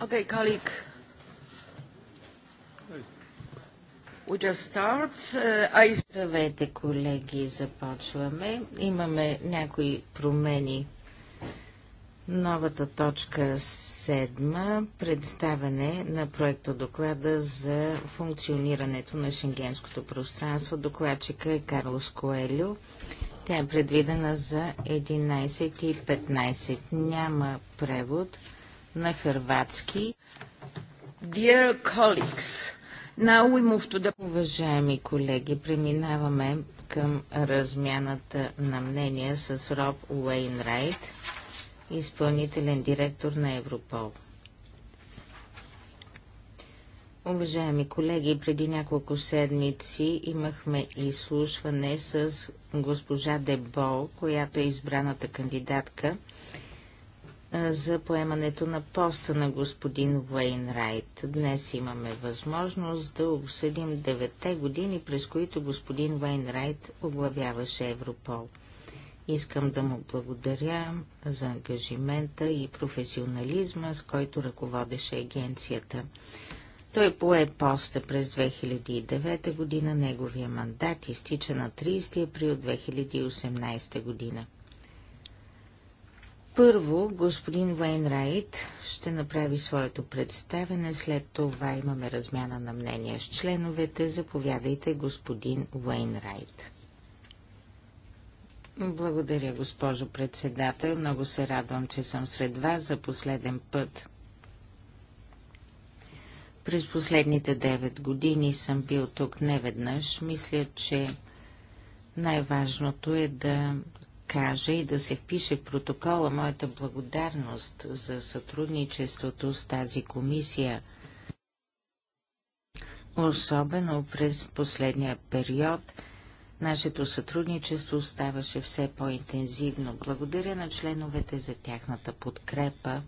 Okay, colleague. We just start. Uh, Здравейте, колеги, започваме. Имаме някои промени. Новата точка седма – представяне на проекта доклада за функционирането на шенгенското пространство. Докладчика е Карлос Коелю. Тя е предвидена за 11.15. Няма превод – на хрватски. Dear colleagues, now we move to the... Уважаеми колеги, преминаваме към размяната на мнения с Роб Уейнрайт, изпълнителен директор на Европол. Уважаеми колеги, преди няколко седмици имахме изслушване с госпожа Дебол, която е избраната кандидатка за поемането на поста на господин Уейн Райт, Днес имаме възможност да обсъдим девете години, през които господин Уейн Райт оглавяваше Европол. Искам да му благодаря за ангажимента и професионализма, с който ръководеше агенцията. Той пое поста през 2009 година, неговия мандат изтича на 30 април 2018 година. Първо, господин Уейнрайт ще направи своето представене, след това имаме размяна на мнения с членовете. Заповядайте, господин Райт. Благодаря, госпожо председател. Много се радвам, че съм сред вас за последен път. През последните 9 години съм бил тук неведнъж. Мисля, че най-важното е да кажа и да се впише в протокола моята благодарност за сътрудничеството с тази комисия. Особено през последния период нашето сътрудничество ставаше все по-интензивно. Благодаря на членовете за тяхната подкрепа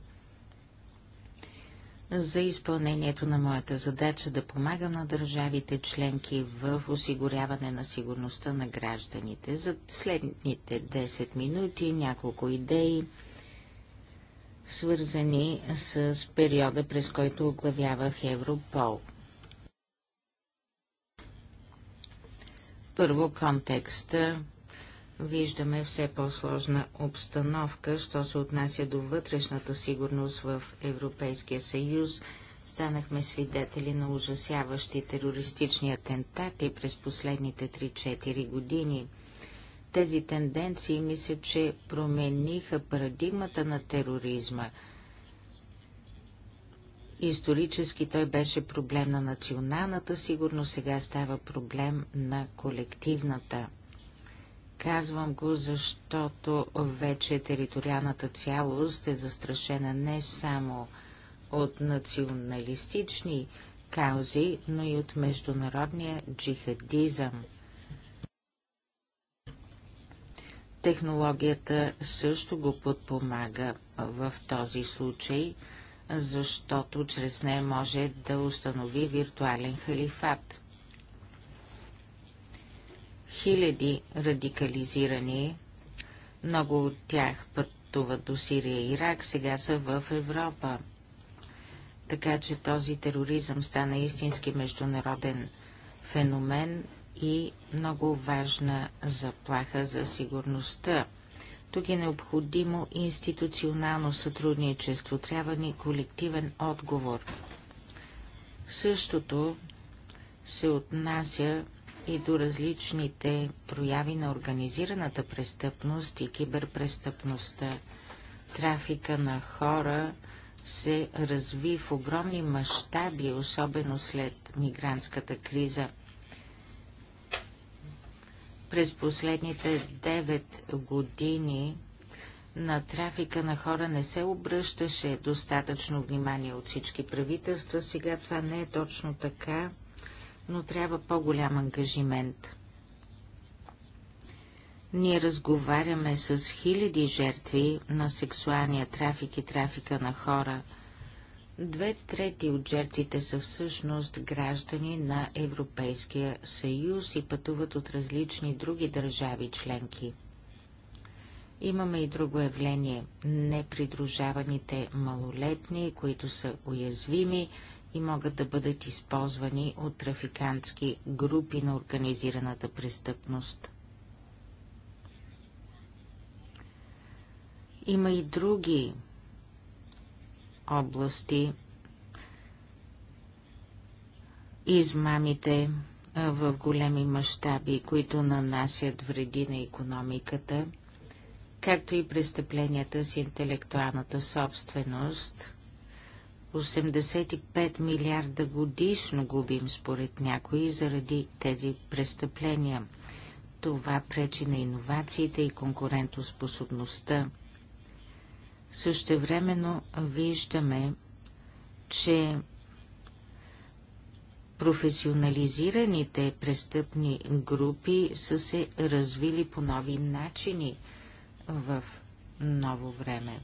за изпълнението на моята задача да помагам на държавите членки в осигуряване на сигурността на гражданите. За следните 10 минути няколко идеи, свързани с периода, през който оглавявах Европол. Първо контекста виждаме все по-сложна обстановка, що се отнася до вътрешната сигурност в Европейския съюз. Станахме свидетели на ужасяващи терористични атентати през последните 3-4 години. Тези тенденции мисля, че промениха парадигмата на тероризма. Исторически той беше проблем на националната сигурност, сега става проблем на колективната Казвам го, защото вече териториалната цялост е застрашена не само от националистични каузи, но и от международния джихадизъм. Технологията също го подпомага в този случай, защото чрез нея може да установи виртуален халифат хиляди радикализирани. Много от тях пътуват до Сирия и Ирак, сега са в Европа. Така че този тероризъм стана истински международен феномен и много важна заплаха за сигурността. Тук е необходимо институционално сътрудничество, трябва ни колективен отговор. Същото се отнася и до различните прояви на организираната престъпност и киберпрестъпността. Трафика на хора се разви в огромни мащаби, особено след мигрантската криза. През последните 9 години на трафика на хора не се обръщаше достатъчно внимание от всички правителства. Сега това не е точно така но трябва по-голям ангажимент. Ние разговаряме с хиляди жертви на сексуалния трафик и трафика на хора. Две трети от жертвите са всъщност граждани на Европейския съюз и пътуват от различни други държави членки. Имаме и друго явление – непридружаваните малолетни, които са уязвими и могат да бъдат използвани от трафикантски групи на организираната престъпност. Има и други области. Измамите в големи мащаби, които нанасят вреди на економиката, както и престъпленията с интелектуалната собственост – 85 милиарда годишно губим според някои заради тези престъпления. Това пречи на иновациите и конкурентоспособността. Същевременно виждаме, че професионализираните престъпни групи са се развили по нови начини в ново време.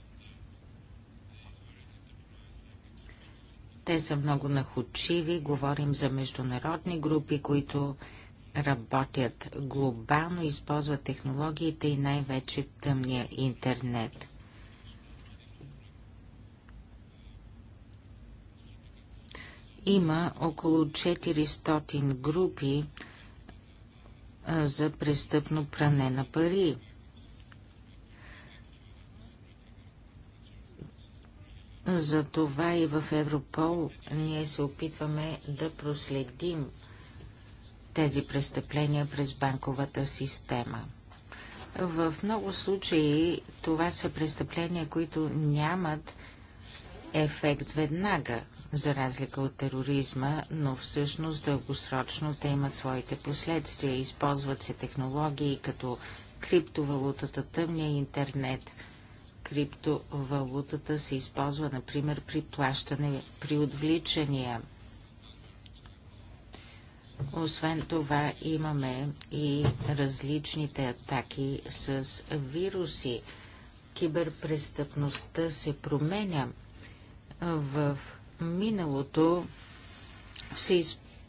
Те са много нахучиви. Говорим за международни групи, които работят глобално, използват технологиите и най-вече тъмния интернет. Има около 400 групи за престъпно пране на пари. Затова и в Европол ние се опитваме да проследим тези престъпления през банковата система. В много случаи това са престъпления, които нямат ефект веднага, за разлика от тероризма, но всъщност дългосрочно те имат своите последствия. Използват се технологии като криптовалутата, тъмния интернет – криптовалутата се използва, например, при плащане, при отвличания. Освен това имаме и различните атаки с вируси. Киберпрестъпността се променя. В миналото се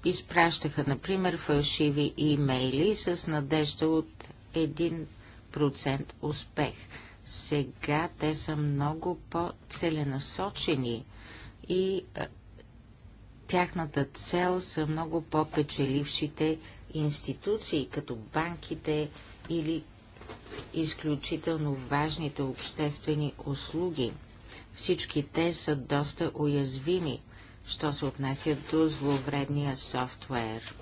изпращаха, например, фалшиви имейли с надежда от 1% успех – сега те са много по-целенасочени и тяхната цел са много по-печелившите институции, като банките или изключително важните обществени услуги. Всички те са доста уязвими, що се отнася до зловредния софтуер.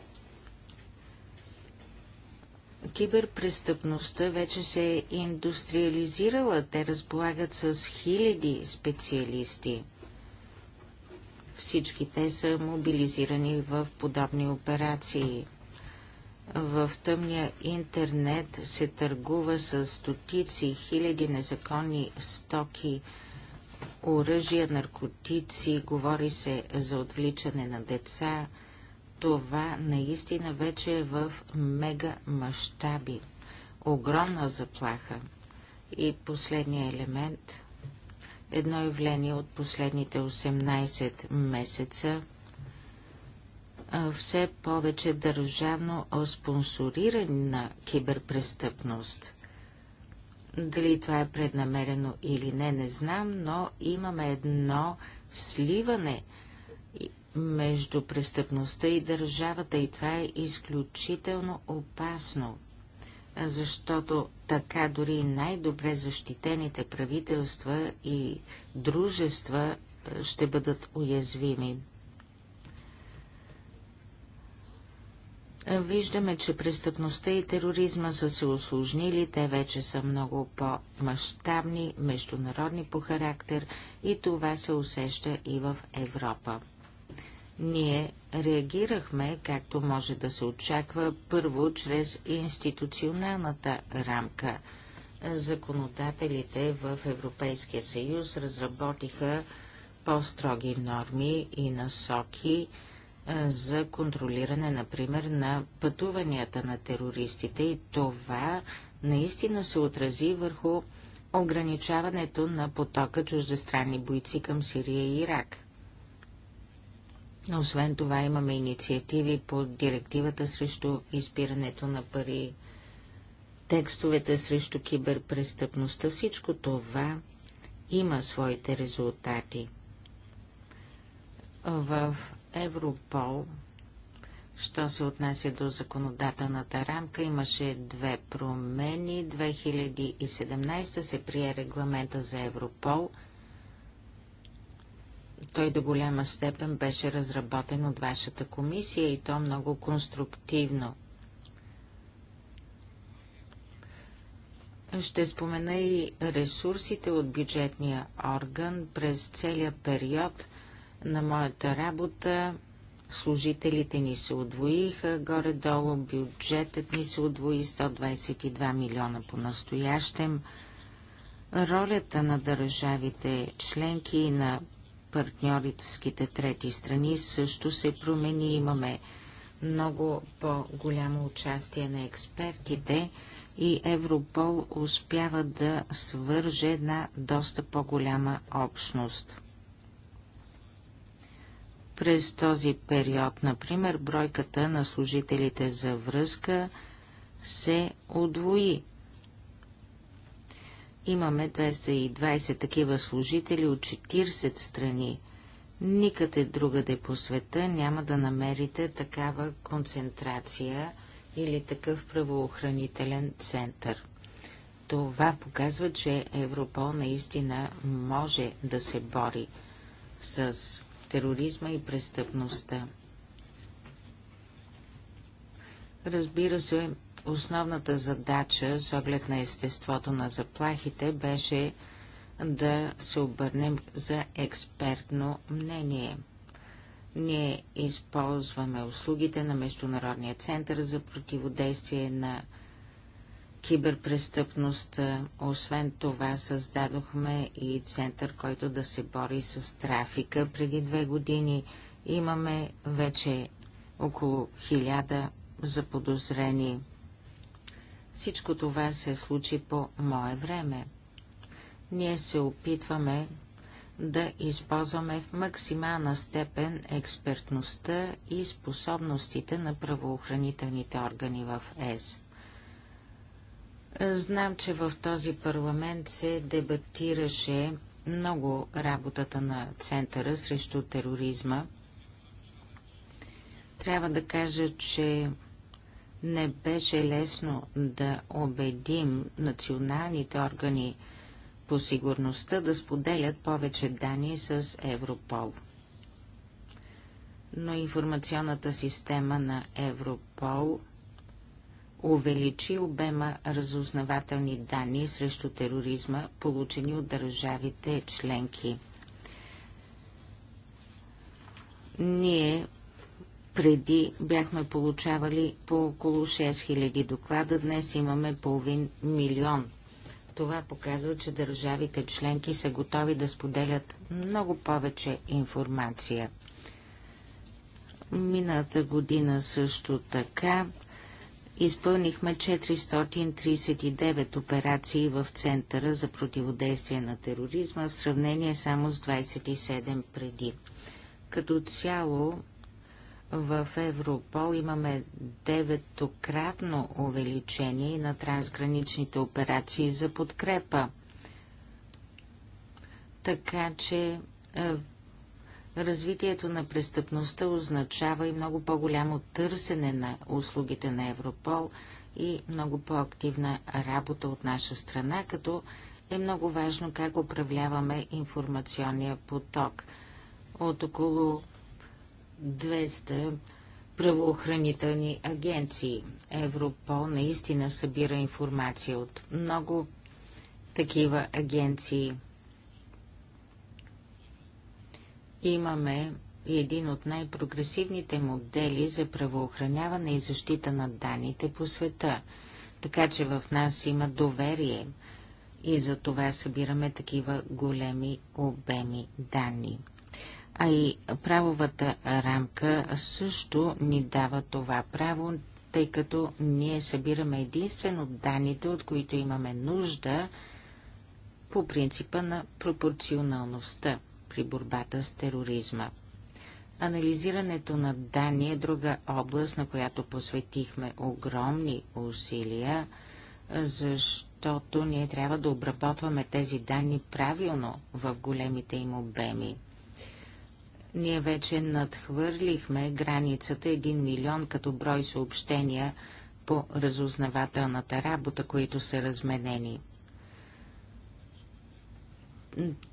Киберпрестъпността вече се е индустриализирала. Те разполагат с хиляди специалисти. Всички те са мобилизирани в подобни операции. В тъмния интернет се търгува с стотици, хиляди незаконни стоки, оръжия, наркотици, говори се за отвличане на деца – това наистина вече е в мега мащаби. Огромна заплаха. И последния елемент – едно явление от последните 18 месеца все повече държавно спонсорирана киберпрестъпност. Дали това е преднамерено или не, не знам, но имаме едно сливане – между престъпността и държавата и това е изключително опасно, защото така дори най-добре защитените правителства и дружества е, ще бъдат уязвими. Виждаме, че престъпността и тероризма са се осложнили, те вече са много по-мащабни, международни по характер и това се усеща и в Европа. Ние реагирахме, както може да се очаква, първо чрез институционалната рамка. Законодателите в Европейския съюз разработиха по-строги норми и насоки е, за контролиране, например, на пътуванията на терористите и това наистина се отрази върху ограничаването на потока чуждестранни бойци към Сирия и Ирак. Освен това имаме инициативи по директивата срещу изпирането на пари, текстовете срещу киберпрестъпността. Всичко това има своите резултати. В Европол, що се отнася до законодателната рамка, имаше две промени. 2017 се прие регламента за Европол – той до голяма степен беше разработен от вашата комисия и то много конструктивно. Ще спомена и ресурсите от бюджетния орган през целия период на моята работа. Служителите ни се удвоиха горе-долу бюджетът ни се удвои 122 милиона по-настоящем. Ролята на държавите членки и на партньорските трети страни също се промени. Имаме много по-голямо участие на експертите и Европол успява да свърже една доста по-голяма общност. През този период, например, бройката на служителите за връзка се удвои Имаме 220 такива служители от 40 страни. Никъде другаде по света няма да намерите такава концентрация или такъв правоохранителен център. Това показва, че Европол наистина може да се бори с тероризма и престъпността. Разбира се, Основната задача с оглед на естеството на заплахите беше да се обърнем за експертно мнение. Ние използваме услугите на Международния център за противодействие на киберпрестъпността. Освен това създадохме и център, който да се бори с трафика. Преди две години имаме вече около хиляда заподозрени. Всичко това се случи по мое време. Ние се опитваме да използваме в максимална степен експертността и способностите на правоохранителните органи в ЕС. Знам, че в този парламент се дебатираше много работата на Центъра срещу тероризма. Трябва да кажа, че не беше лесно да убедим националните органи по сигурността да споделят повече данни с Европол. Но информационната система на Европол увеличи обема разузнавателни данни срещу тероризма, получени от държавите членки. Ние преди бяхме получавали по около 6000 доклада, днес имаме половин милион. Това показва, че държавите членки са готови да споделят много повече информация. Мината година също така изпълнихме 439 операции в Центъра за противодействие на тероризма в сравнение само с 27 преди. Като цяло в Европол имаме деветократно увеличение на трансграничните операции за подкрепа. Така че е, развитието на престъпността означава и много по-голямо търсене на услугите на Европол и много по-активна работа от наша страна, като е много важно как управляваме информационния поток. От около 200 правоохранителни агенции. Европол наистина събира информация от много такива агенции. Имаме един от най-прогресивните модели за правоохраняване и защита на данните по света, така че в нас има доверие и за това събираме такива големи обеми данни а и правовата рамка също ни дава това право, тъй като ние събираме единствено данните, от които имаме нужда по принципа на пропорционалността при борбата с тероризма. Анализирането на данни е друга област, на която посветихме огромни усилия, защото ние трябва да обработваме тези данни правилно в големите им обеми. Ние вече надхвърлихме границата 1 милион като брой съобщения по разузнавателната работа, които са разменени.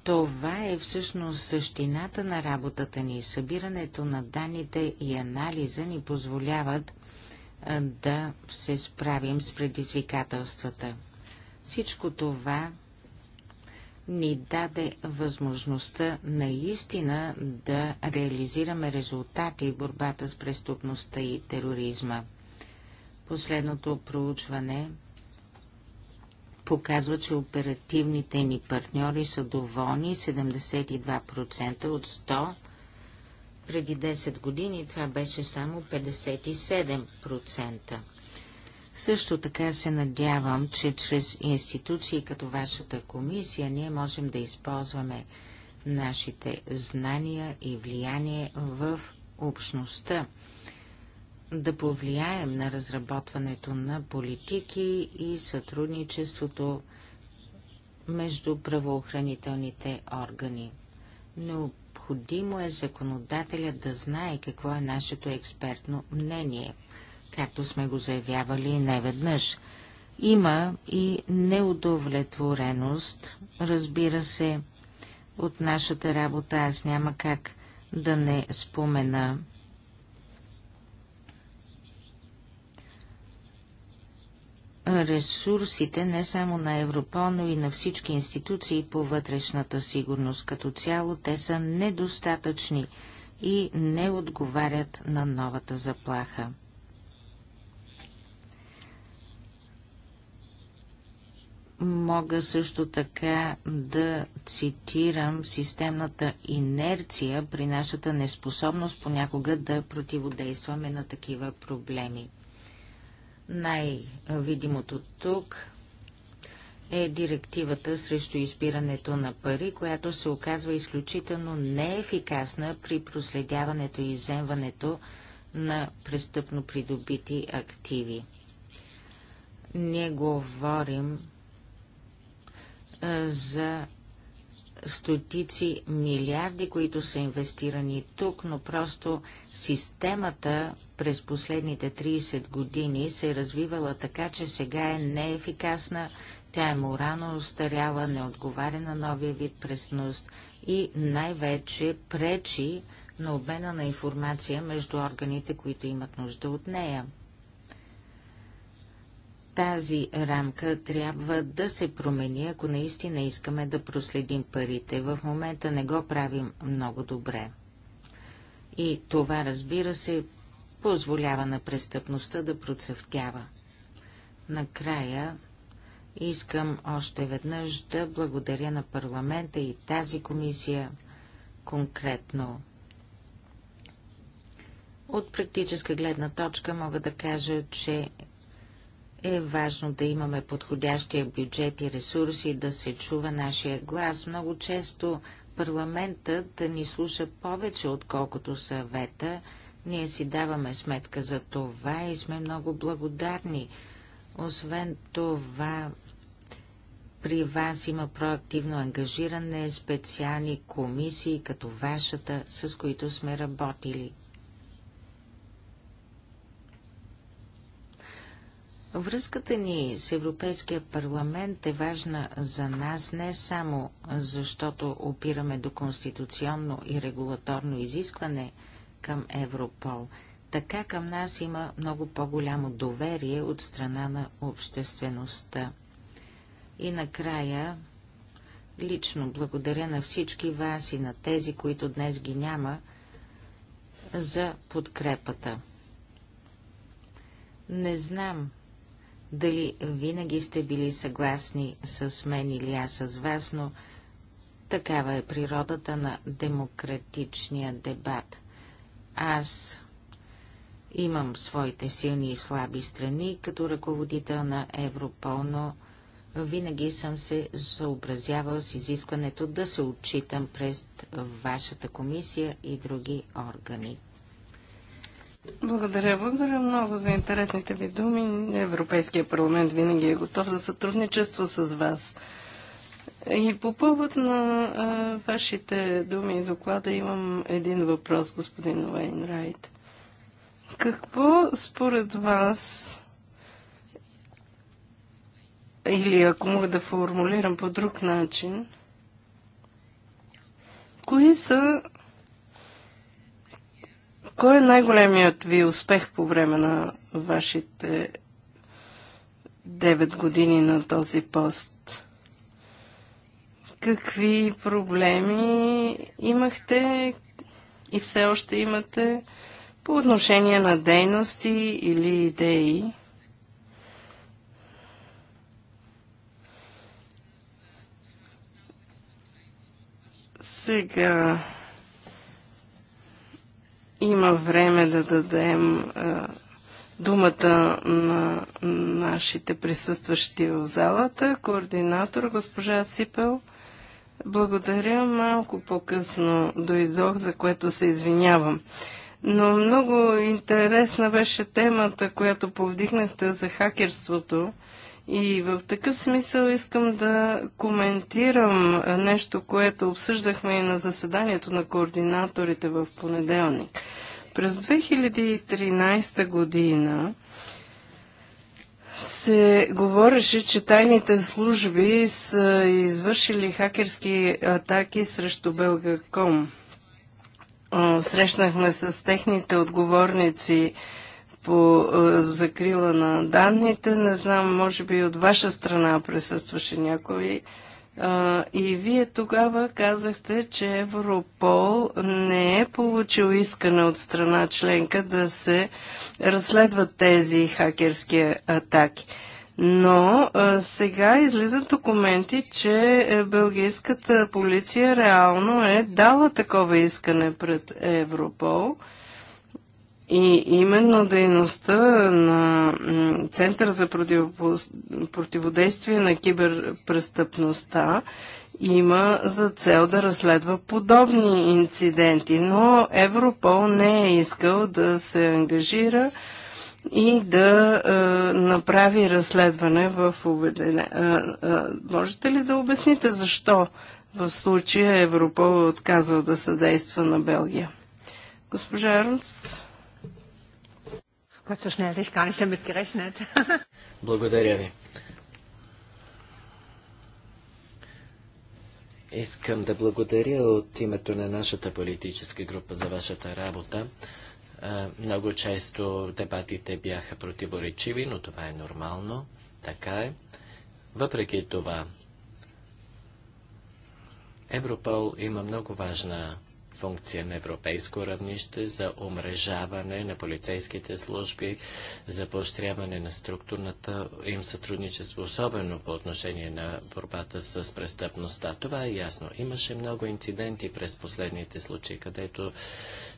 Това е всъщност същината на работата ни. Събирането на данните и анализа ни позволяват да се справим с предизвикателствата. Всичко това ни даде възможността наистина да реализираме резултати в борбата с преступността и тероризма. Последното проучване показва, че оперативните ни партньори са доволни 72% от 100. Преди 10 години това беше само 57%. Също така се надявам, че чрез институции като вашата комисия ние можем да използваме нашите знания и влияние в общността, да повлияем на разработването на политики и сътрудничеството между правоохранителните органи. Необходимо е законодателят да знае какво е нашето експертно мнение – както сме го заявявали неведнъж. Има и неудовлетвореност, разбира се, от нашата работа аз няма как да не спомена. Ресурсите не само на Европол, но и на всички институции по вътрешната сигурност като цяло, те са недостатъчни и не отговарят на новата заплаха. Мога също така да цитирам системната инерция при нашата неспособност понякога да противодействаме на такива проблеми. Най-видимото тук е директивата срещу изпирането на пари, която се оказва изключително неефикасна при проследяването и иземването на престъпно придобити активи. Ние говорим за стотици милиарди, които са инвестирани тук, но просто системата през последните 30 години се е развивала така, че сега е неефикасна, тя е морално устаряла, не отговаря на новия вид пресност и най-вече пречи на обмена на информация между органите, които имат нужда от нея. Тази рамка трябва да се промени, ако наистина искаме да проследим парите. В момента не го правим много добре. И това, разбира се, позволява на престъпността да процъфтява. Накрая искам още веднъж да благодаря на парламента и тази комисия конкретно. От практическа гледна точка мога да кажа, че е важно да имаме подходящия бюджет и ресурси, да се чува нашия глас. Много често парламентът ни слуша повече, отколкото съвета. Ние си даваме сметка за това и сме много благодарни. Освен това, при вас има проактивно ангажиране, специални комисии, като вашата, с които сме работили. Връзката ни с Европейския парламент е важна за нас не само защото опираме до конституционно и регулаторно изискване към Европол. Така към нас има много по-голямо доверие от страна на обществеността. И накрая лично благодаря на всички вас и на тези, които днес ги няма, за подкрепата. Не знам дали винаги сте били съгласни с мен или аз с вас, но такава е природата на демократичния дебат. Аз имам своите силни и слаби страни като ръководител на Европол, но винаги съм се съобразявал с изискването да се отчитам пред вашата комисия и други органи. Благодаря, благодаря много за интересните ви думи. Европейския парламент винаги е готов за сътрудничество с вас. И по повод на а, вашите думи и доклада имам един въпрос, господин Уейнрайт. Какво според вас или ако мога да формулирам по друг начин, кои са кой е най-големият ви успех по време на вашите 9 години на този пост? Какви проблеми имахте и все още имате по отношение на дейности или идеи? Сега има време да дадем думата на нашите присъстващи в залата. Координатор госпожа Сипел. Благодаря. Малко по-късно дойдох, за което се извинявам. Но много интересна беше темата, която повдигнахте за хакерството. И в такъв смисъл искам да коментирам нещо, което обсъждахме и на заседанието на координаторите в понеделник. През 2013 година се говореше, че тайните служби са извършили хакерски атаки срещу Белгаком. Срещнахме с техните отговорници по е, закрила на данните. Не знам, може би от ваша страна присъстваше някой. Е, и вие тогава казахте, че Европол не е получил искане от страна членка да се разследват тези хакерски атаки. Но а, е, сега излизат документи, че бългийската полиция реално е дала такова искане пред Европол – и именно дейността на Център за противодействие на киберпрестъпността има за цел да разследва подобни инциденти, но Европол не е искал да се ангажира и да е, направи разследване в обедене. Е, е, можете ли да обясните защо в случая Европол е отказал да съдейства на Белгия? Госпожа Ернст? Gott, so schnell hätte ich gar nicht damit gerechnet. Благодаря ви. Искам да благодаря от името на нашата политическа група за вашата работа. Много често дебатите бяха противоречиви, но това е нормално. Така е. Въпреки това, Европол има много важна функция на европейско равнище за омрежаване на полицейските служби, за поощряване на структурната им сътрудничество, особено по отношение на борбата с престъпността. Това е ясно. Имаше много инциденти през последните случаи, където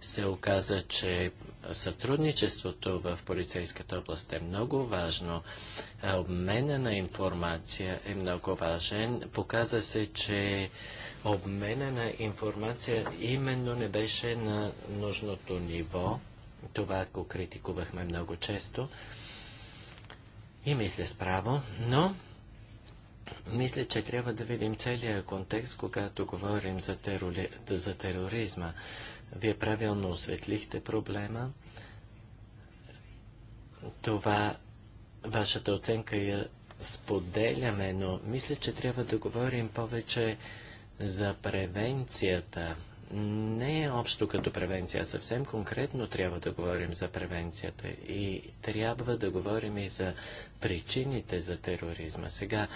се оказа, че сътрудничеството в полицейската област е много важно. Обмена на информация е много важен. Показа се, че обмена на информация именно не беше на нужното ниво. Това го критикувахме много често. И мисля справо, но мисля, че трябва да видим целия контекст, когато говорим за, терори... за тероризма. Вие правилно осветлихте проблема. Това, вашата оценка я споделяме, но мисля, че трябва да говорим повече за превенцията. Не е общо като превенция, съвсем конкретно трябва да говорим за превенцията и трябва да говорим и за причините за тероризма. Сега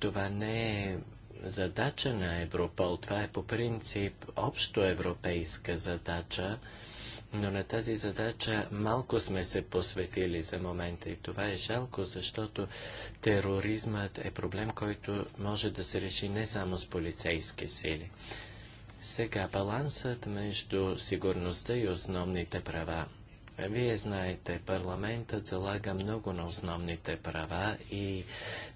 това не е задача на Европол, това е по принцип общо европейска задача но на тази задача малко сме се посветили за момента и това е жалко, защото тероризмът е проблем, който може да се реши не само с полицейски сили. Сега балансът между сигурността и основните права. Вие знаете, парламентът залага много на основните права и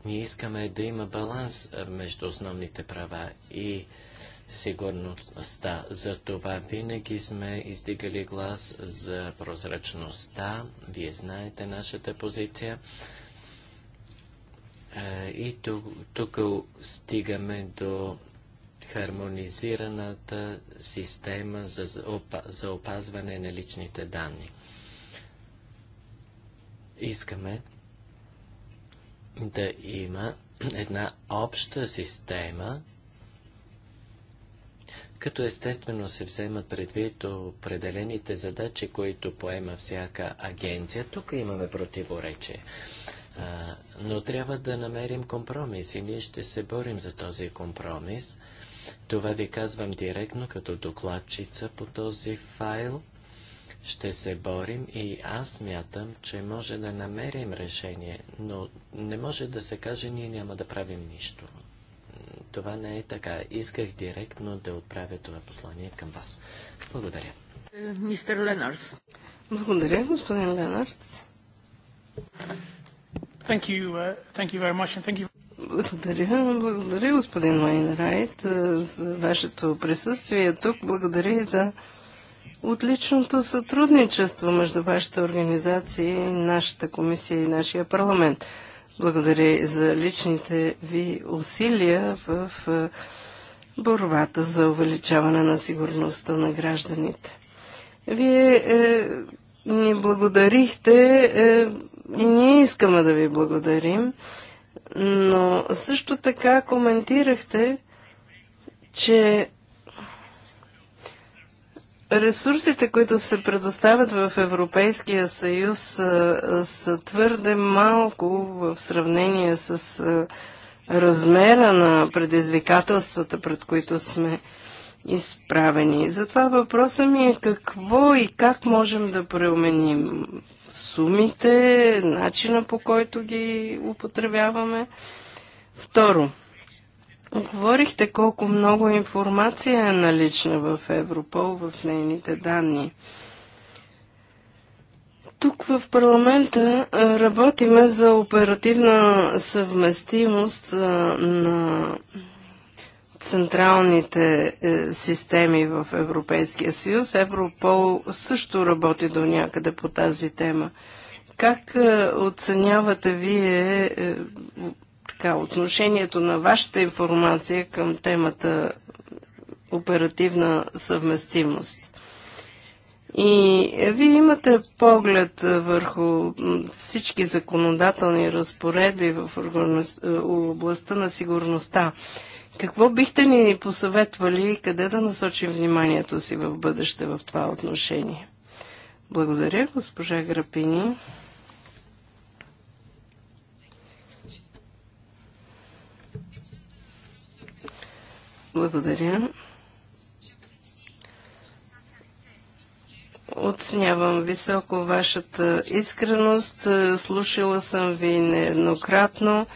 ние искаме да има баланс между основните права и сигурността. За това винаги сме издигали глас за прозрачността. Вие знаете нашата позиция. Е, и тук, тук стигаме до хармонизираната система за, за опазване на личните данни. Искаме да има една обща система, като естествено се вземат предвид определените задачи, които поема всяка агенция. Тук имаме противоречие. А, но трябва да намерим компромис и ние ще се борим за този компромис. Това ви казвам директно като докладчица по този файл. Ще се борим и аз мятам, че може да намерим решение, но не може да се каже, ние няма да правим нищо това не е така. Исках директно да отправя това послание към вас. Благодаря. Мистер Ленардс. Благодаря, господин Ленардс. Thank you, uh, thank you very much and thank you... Благодаря, благодаря господин Майнрайт е, за вашето присъствие тук. Благодаря и за отличното сътрудничество между вашата организация и нашата комисия и нашия парламент. Благодаря за личните ви усилия в борбата за увеличаване на сигурността на гражданите. Вие е, ни благодарихте е, и ние искаме да ви благодарим, но също така коментирахте, че Ресурсите, които се предоставят в Европейския съюз, са твърде малко в сравнение с размера на предизвикателствата, пред които сме изправени. Затова въпросът ми е какво и как можем да преуменим сумите, начина по който ги употребяваме. Второ, Говорихте колко много информация е налична в Европол, в нейните данни. Тук в парламента работиме за оперативна съвместимост на централните е, системи в Европейския съюз. Европол също работи до някъде по тази тема. Как е, оценявате вие е, така, отношението на вашата информация към темата оперативна съвместимост. И вие имате поглед върху всички законодателни разпоредби в областта на сигурността. Какво бихте ни посъветвали и къде да насочим вниманието си в бъдеще в това отношение? Благодаря, госпожа Грапини. Благодаря. Оценявам високо вашата искреност. Слушала съм ви нееднократно.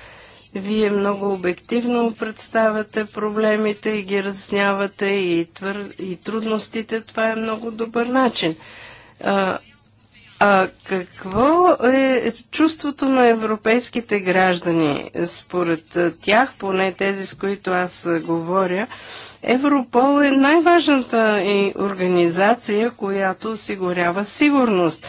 Вие много обективно представяте проблемите и ги разнявате и, твър... и трудностите. Това е много добър начин. А какво е чувството на европейските граждани? Според тях, поне тези с които аз говоря, Европол е най-важната организация, която осигурява сигурност.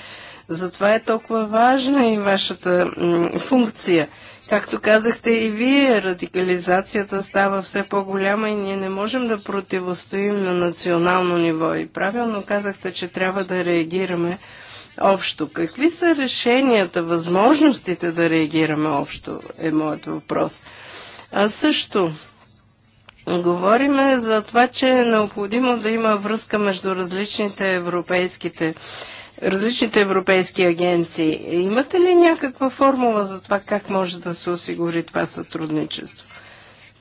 Затова е толкова важна и вашата функция. Както казахте и вие, радикализацията става все по-голяма и ние не можем да противостоим на национално ниво. И правилно казахте, че трябва да реагираме общо. Какви са решенията, възможностите да реагираме общо, е моят въпрос. А също, говориме за това, че е необходимо да има връзка между различните европейските различните европейски агенции. Имате ли някаква формула за това как може да се осигури това сътрудничество?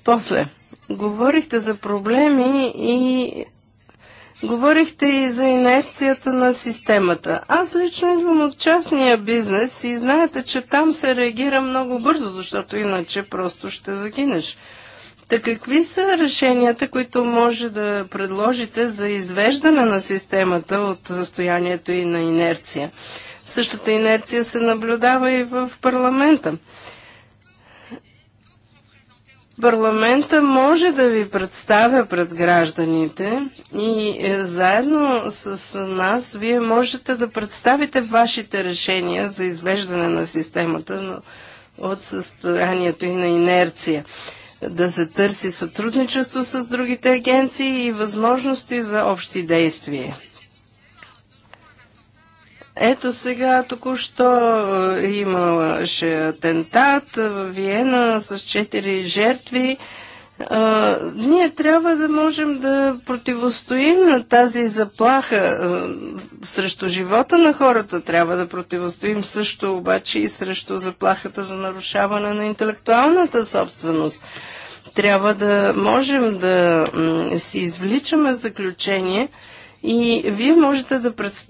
После, говорихте за проблеми и Говорихте и за инерцията на системата. Аз лично идвам от частния бизнес и знаете, че там се реагира много бързо, защото иначе просто ще загинеш. Така, какви са решенията, които може да предложите за извеждане на системата от състоянието и на инерция? Същата инерция се наблюдава и в парламента. Парламента може да ви представя пред гражданите и е, заедно с нас вие можете да представите вашите решения за извеждане на системата от състоянието и на инерция. Да се търси сътрудничество с другите агенции и възможности за общи действия. Ето сега току-що е, имаше атентат в Виена с четири жертви. А, е, ние трябва да можем да противостоим на тази заплаха. А, е, срещу живота на хората трябва да противостоим също обаче и срещу заплахата за нарушаване на интелектуалната собственост. Трябва да можем да си извличаме заключение – и вие можете да пред...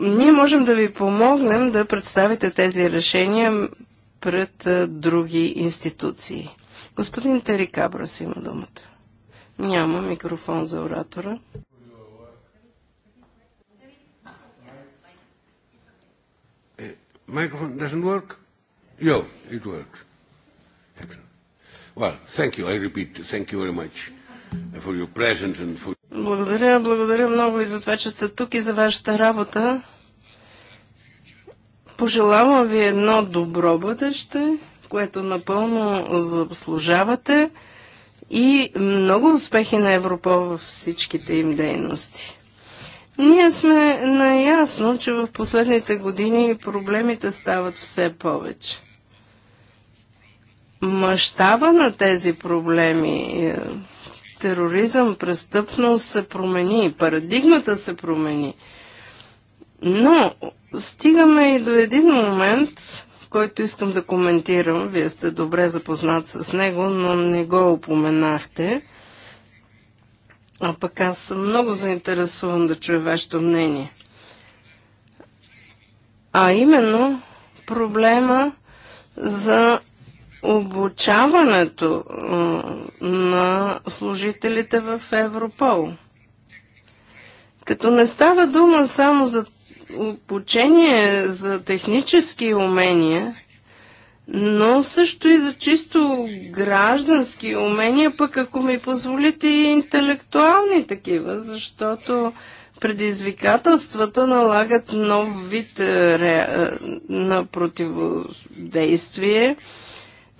ние можем да ви помогнем да представите тези решения пред други институции. Господин Тери Кабрас има думата. Няма микрофон за оратора. Microphone е, doesn't work? Yo, it works. Well, thank you. I repeat, thank you very much. Благодаря, благодаря много и за това, че сте тук и за вашата работа. Пожелавам ви едно добро бъдеще, което напълно заслужавате и много успехи на Европа във всичките им дейности. Ние сме наясно, че в последните години проблемите стават все повече. Мащаба на тези проблеми е, тероризъм, престъпност се промени, парадигмата се промени. Но стигаме и до един момент, който искам да коментирам. Вие сте добре запознат с него, но не го упоменахте. А пък аз съм много заинтересован да чуя вашето мнение. А именно проблема за обучаването на служителите в Европол. Като не става дума само за обучение за технически умения, но също и за чисто граждански умения, пък ако ми позволите и интелектуални такива, защото предизвикателствата налагат нов вид на противодействие –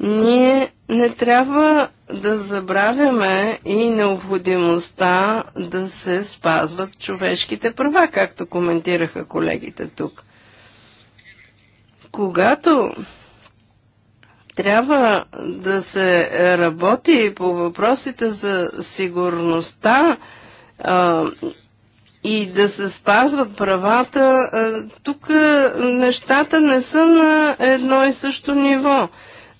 ние не трябва да забравяме и необходимостта да се спазват човешките права, както коментираха колегите тук. Когато трябва да се работи по въпросите за сигурността а, и да се спазват правата, а, тук нещата не са на едно и също ниво.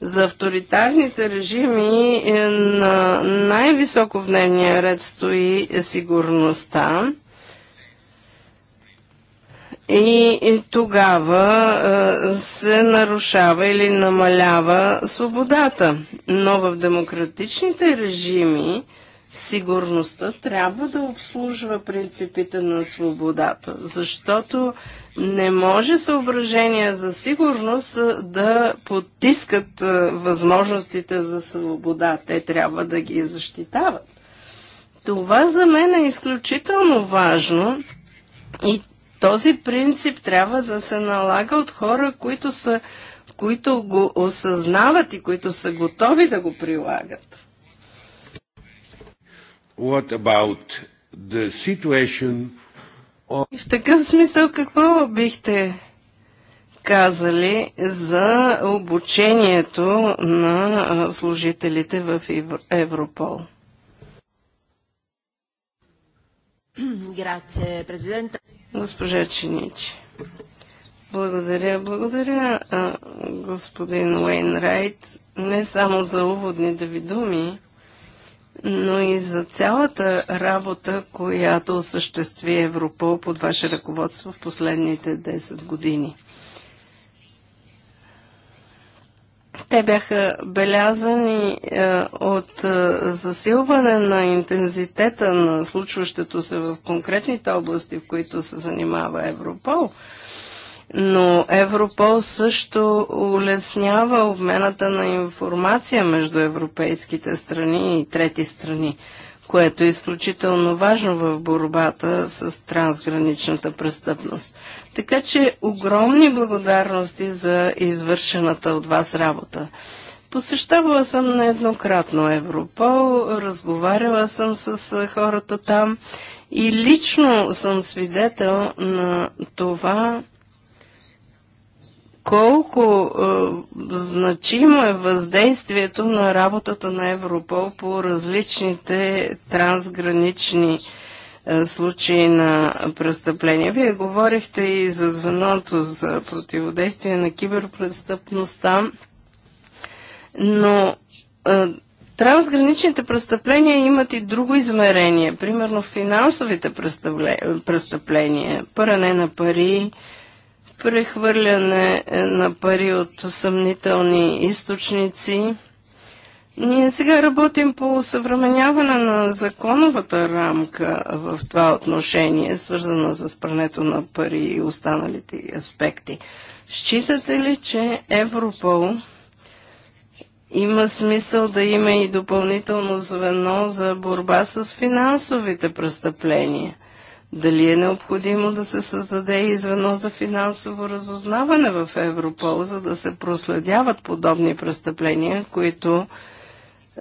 За авторитарните режими е, на най-високо в дневния ред стои сигурността. И, тогава е, се нарушава или намалява свободата. Но в демократичните режими сигурността трябва да обслужва принципите на свободата, защото не може съображения за сигурност да потискат възможностите за свобода. Те трябва да ги защитават. Това за мен е изключително важно и този принцип трябва да се налага от хора, които, са, които го осъзнават и които са готови да го прилагат. What about the situation и в такъв смисъл какво бихте казали за обучението на служителите в Европол? Грация, Госпожа Чиничи. Благодаря, благодаря, господин Уейн Райт, не само за уводните ви думи, но и за цялата работа, която осъществи Европол под ваше ръководство в последните 10 години. Те бяха белязани е, от е, засилване на интензитета на случващото се в конкретните области, в които се занимава Европол – но Европол също улеснява обмената на информация между европейските страни и трети страни, което е изключително важно в борбата с трансграничната престъпност. Така че огромни благодарности за извършената от вас работа. Посещавала съм нееднократно Европол, разговаряла съм с хората там и лично съм свидетел на това, колко е, значимо е въздействието на работата на Европол по различните трансгранични е, случаи на престъпления. Вие говорихте и за звеното за противодействие на киберпрестъпността, но е, трансграничните престъпления имат и друго измерение, примерно финансовите престъпления, престъпления на пари, прехвърляне е, на пари от съмнителни източници. Ние сега работим по съвременяване на законовата рамка в това отношение, свързана с прането на пари и останалите аспекти. Считате ли, че Европол има смисъл да има и допълнително звено за борба с финансовите престъпления – дали е необходимо да се създаде извено за финансово разузнаване в Европол, за да се проследяват подобни престъпления, които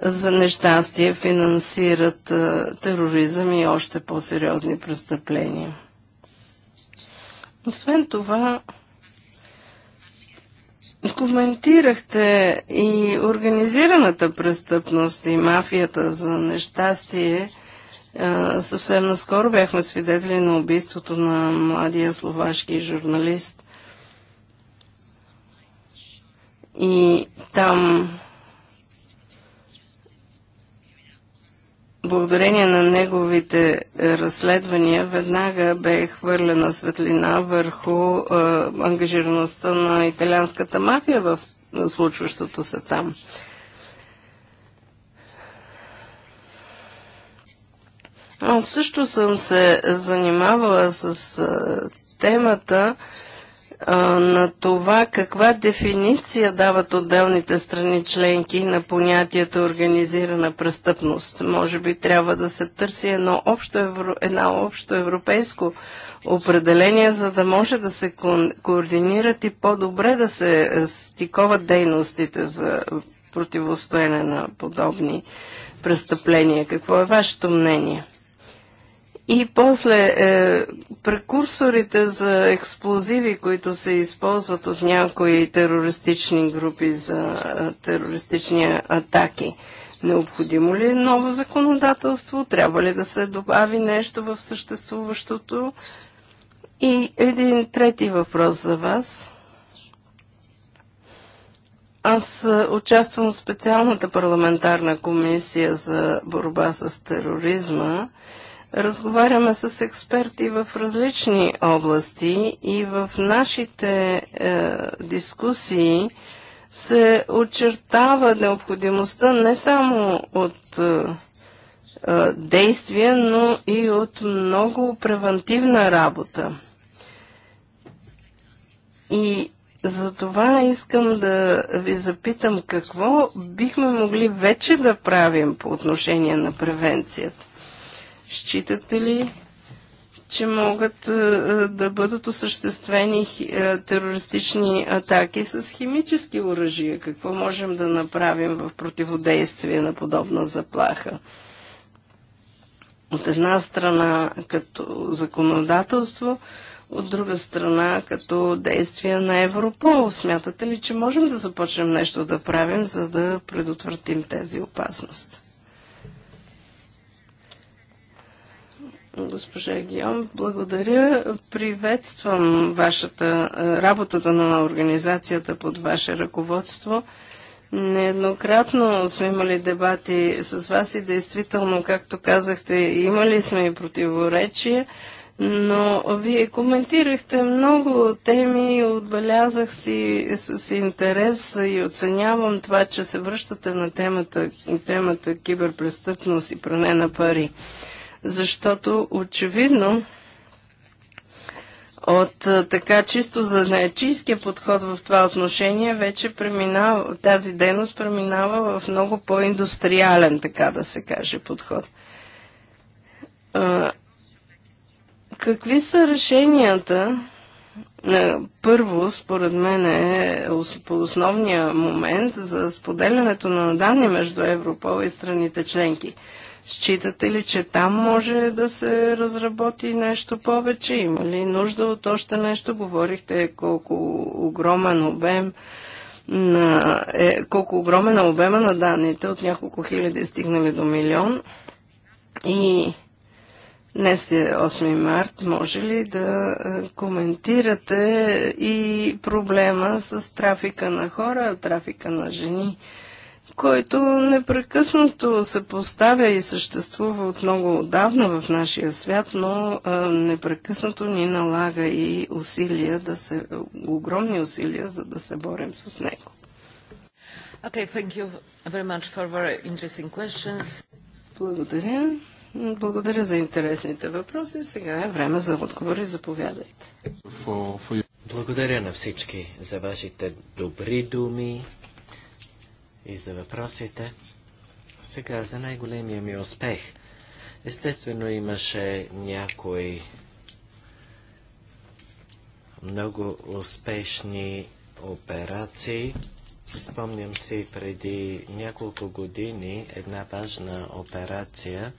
за нещастие финансират а, тероризъм и още по-сериозни престъпления. Освен това, коментирахте и организираната престъпност и мафията за нещастие – Съвсем наскоро бяхме свидетели на убийството на младия словашки журналист. И там, благодарение на неговите е, разследвания, веднага бе хвърлена светлина върху е, ангажираността на италианската мафия в случващото се там. Аз също съм се занимавала с а, темата а, на това каква дефиниция дават отделните страни членки на понятието организирана престъпност. Може би трябва да се търси едно общо, евро, една общо европейско определение, за да може да се ко координират и по-добре да се стиковат дейностите за противостояне на подобни престъпления. Какво е вашето мнение? И после е, прекурсорите за експлозиви, които се използват от някои терористични групи за е, терористични атаки. Необходимо ли е ново законодателство? Трябва ли да се добави нещо в съществуващото? И един трети въпрос за вас. Аз е, участвам в специалната парламентарна комисия за борба с тероризма Разговаряме с експерти в различни области и в нашите е, дискусии се очертава необходимостта не само от е, е, действия, но и от много превентивна работа. И за това искам да ви запитам какво бихме могли вече да правим по отношение на превенцията. Считате ли, че могат е, е, да бъдат осъществени е, терористични атаки с химически оръжия? Какво можем да направим в противодействие на подобна заплаха? От една страна като законодателство, от друга страна като действие на Европол. Смятате ли, че можем да започнем нещо да правим, за да предотвратим тези опасности? госпожа Гион, Благодаря. Приветствам вашата работата на организацията под ваше ръководство. Нееднократно сме имали дебати с вас и действително, както казахте, имали сме и противоречия, но вие коментирахте много теми, отбелязах си с интерес и оценявам това, че се връщате на темата, темата киберпрестъпност и пране на пари защото очевидно от така чисто за наечийския подход в това отношение, вече преминава, тази дейност преминава в много по-индустриален, така да се каже, подход. какви са решенията? първо, според мен е по основния момент за споделянето на данни между Европол и страните членки – Считате ли, че там може да се разработи нещо повече? Има ли нужда от още нещо? Говорихте колко огромен обем на, е, колко огромен е обема на данните, от няколко хиляди стигнали до милион. И днес е 8 март, може ли да е, коментирате и проблема с трафика на хора, трафика на жени? който непрекъснато се поставя и съществува от много отдавна в нашия свят, но а, непрекъснато ни налага и усилия да се, огромни усилия, за да се борим с него. Okay, thank you very much for very interesting questions. Благодаря. Благодаря за интересните въпроси. Сега е време за отговори. Заповядайте. Благодаря на всички за вашите добри думи и за въпросите. Сега за най-големия ми успех. Естествено имаше някои много успешни операции. Спомням си преди няколко години една важна операция.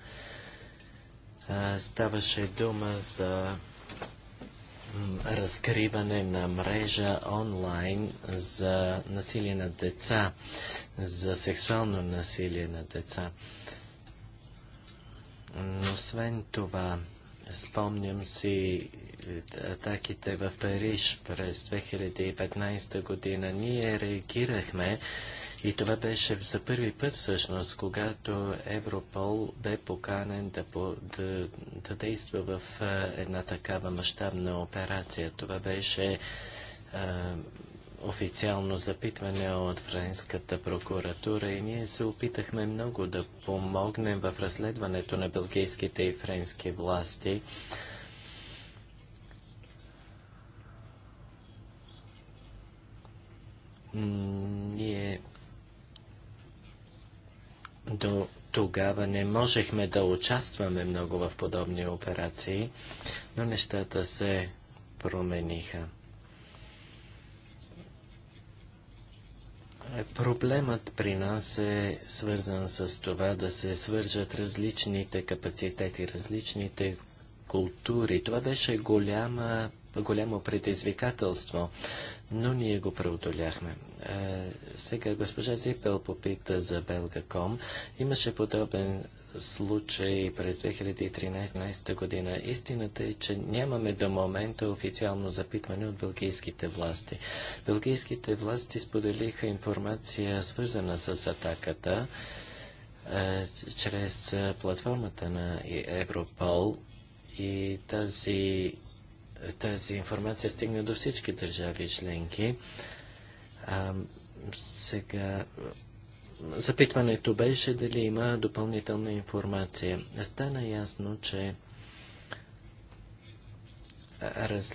ставаше дума за разкриване на мрежа онлайн за насилие на деца, за сексуално насилие на деца. Но освен това, спомням си е, атаките в Париж през 2015 година. Ние реагирахме и това беше за първи път всъщност, когато Европол бе поканен да, по, да, да действа в една такава мащабна операция. Това беше а, официално запитване от Френската прокуратура и ние се опитахме много да помогнем в разследването на белгийските и френски власти. До тогава не можехме да участваме много в подобни операции, но нещата се промениха. Е, проблемът при нас е свързан с това да се свържат различните капацитети, различните култури. Това беше голяма, голямо предизвикателство, но ние го преодоляхме. Е, сега госпожа Зипел попита за Белгаком. Имаше подобен случай през 2013 година. Истината е, че нямаме до момента официално запитване от бългийските власти. Бългийските власти споделиха информация, свързана с атаката, е, чрез платформата на Европол и тази, тази информация стигна до всички държави членки. А, сега, запитването беше дали има допълнителна информация. Стана ясно, че раз,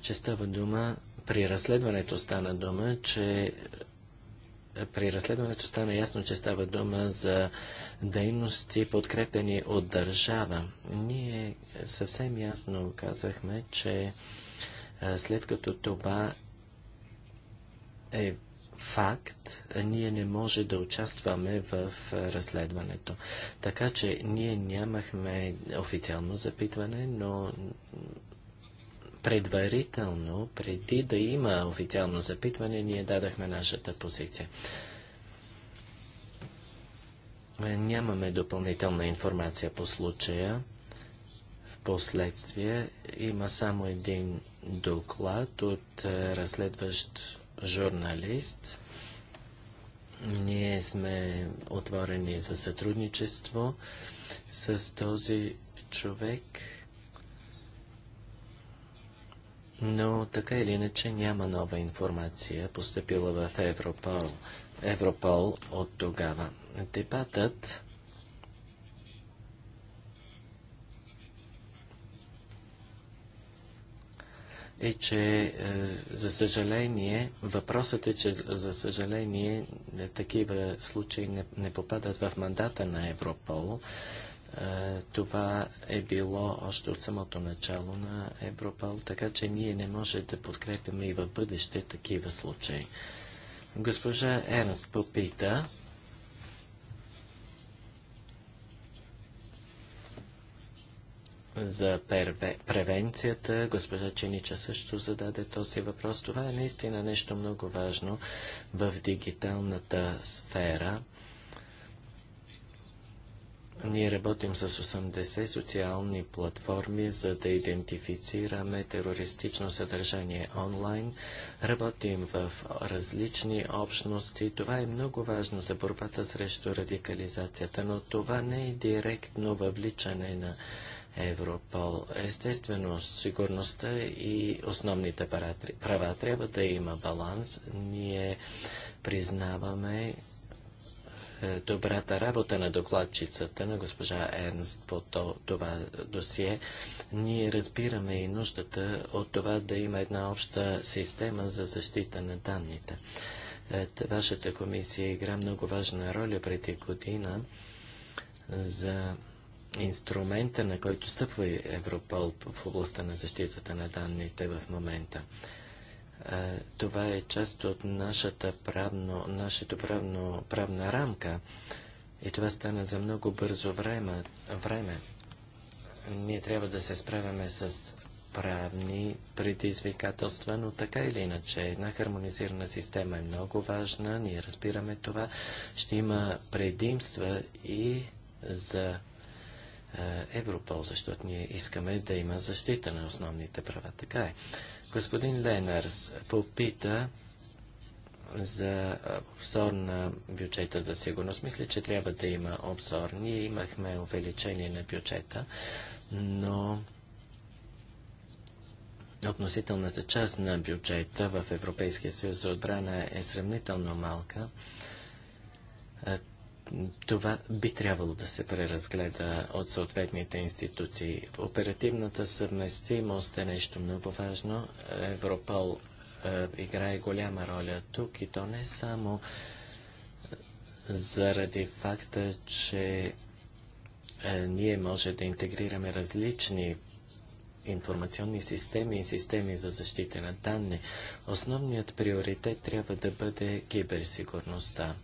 че става дума, при разследването стана дума, че при разследването стана ясно, че става дума за дейности, подкрепени от държава. Ние съвсем ясно казахме, че след като това е факт, ние не може да участваме в разследването. Така че ние нямахме официално запитване, но предварително, преди да има официално запитване, ние дадахме нашата позиция. Е, нямаме допълнителна информация по случая. В последствие има само един доклад от разследващ журналист. Ние сме отворени за сътрудничество с този човек, но така или иначе няма нова информация, поступила в Европол, Европол от тогава. Дебатът е, че е, за съжаление, въпросът е, че за съжаление е, такива случаи не, не попадат в мандата на Европол. Е, това е било още от самото начало на Европол, така че ние не можем да подкрепяме и в бъдеще такива случаи. Госпожа Ернст попита за превенцията. Госпожа Ченича също зададе този въпрос. Това е наистина нещо много важно в дигиталната сфера. Ние работим с 80 социални платформи, за да идентифицираме терористично съдържание онлайн. Работим в различни общности. Това е много важно за борбата срещу радикализацията, но това не е директно въвличане на Европол. Естествено, сигурността и основните права трябва да има баланс. Ние признаваме е, добрата работа на докладчицата на госпожа Ернст по това досие, ние разбираме и нуждата от това да има една обща система за защита на данните. Е, вашата комисия игра много важна роля преди година за инструмента, на който стъпва Европол в областта на защитата на данните в момента. Това е част от нашата правно, нашето правно, правна рамка и това стана за много бързо време. време. Ние трябва да се справяме с правни предизвикателства, но така или иначе една хармонизирана система е много важна, ние разбираме това, ще има предимства и за е, Европол, защото ние искаме да има защита на основните права. Така е. Господин Ленърс попита за е, обзор на бюджета за сигурност. Мисля, че трябва да има обзор. Ние имахме увеличение на бюджета, но относителната част на бюджета в Европейския съюз за отбрана е сравнително малка. Е, това би трябвало да се преразгледа от съответните институции. Оперативната съвместимост е нещо много важно. Европол е, играе голяма роля тук и то не само е, заради факта, че е, ние може да интегрираме различни информационни системи и системи за защита на данни. Основният приоритет трябва да бъде киберсигурността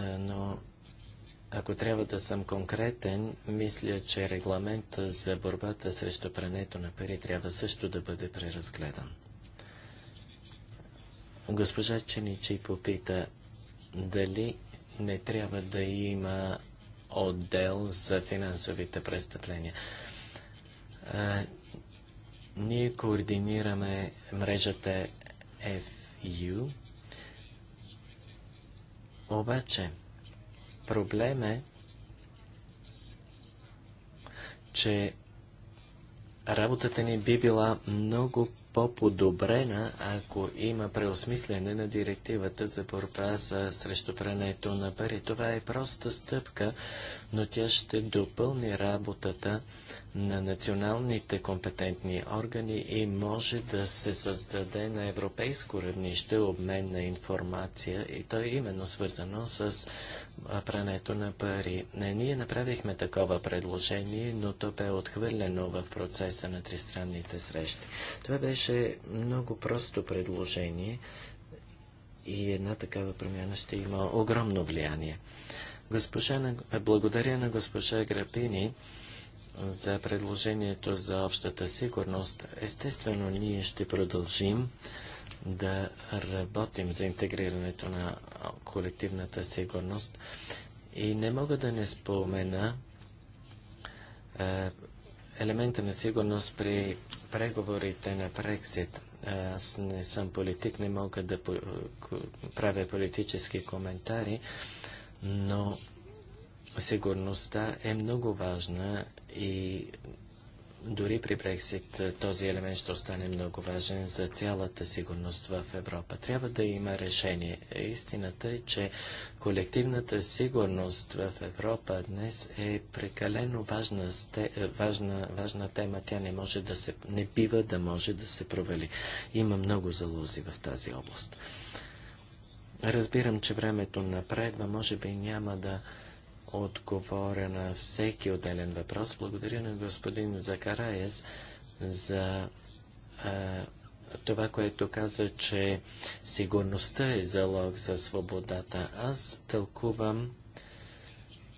но ако трябва да съм конкретен, мисля, че регламента за борбата срещу прането на пари трябва също да бъде преразгледан. Госпожа Ченичи попита дали не трябва да има отдел за финансовите престъпления. А, ние координираме мрежата FU, обаче, проблем е, че работата ни би била много по-подобрена, ако има преосмислене на директивата за борба за срещу прането на пари. Това е проста стъпка, но тя ще допълни работата на националните компетентни органи и може да се създаде на европейско равнище обмен на информация и то е именно свързано с прането на пари. Не, ние направихме такова предложение, но то бе отхвърлено в процеса на тристранните срещи. Това беше беше много просто предложение и една такава промяна ще има огромно влияние. Госпожа, е, благодаря на госпожа Грапини за предложението за общата сигурност. Естествено, ние ще продължим да работим за интегрирането на колективната сигурност. И не мога да не спомена е, елемента на сигурност при преговорите на Брексит. Аз не съм политик, не мога да по правя политически коментари, но сигурността е много важна и дори при Брексит е, този елемент ще остане много важен за цялата сигурност в Европа. Трябва да има решение. Истината е, че колективната сигурност в Европа днес е прекалено важна, е, важна, важна тема. Тя не, може да се, не бива да може да се провали. Има много залози в тази област. Разбирам, че времето напредва. Може би няма да отговоря на всеки отделен въпрос. Благодаря на господин Закараес за а, това, което каза, че сигурността е залог за свободата. Аз тълкувам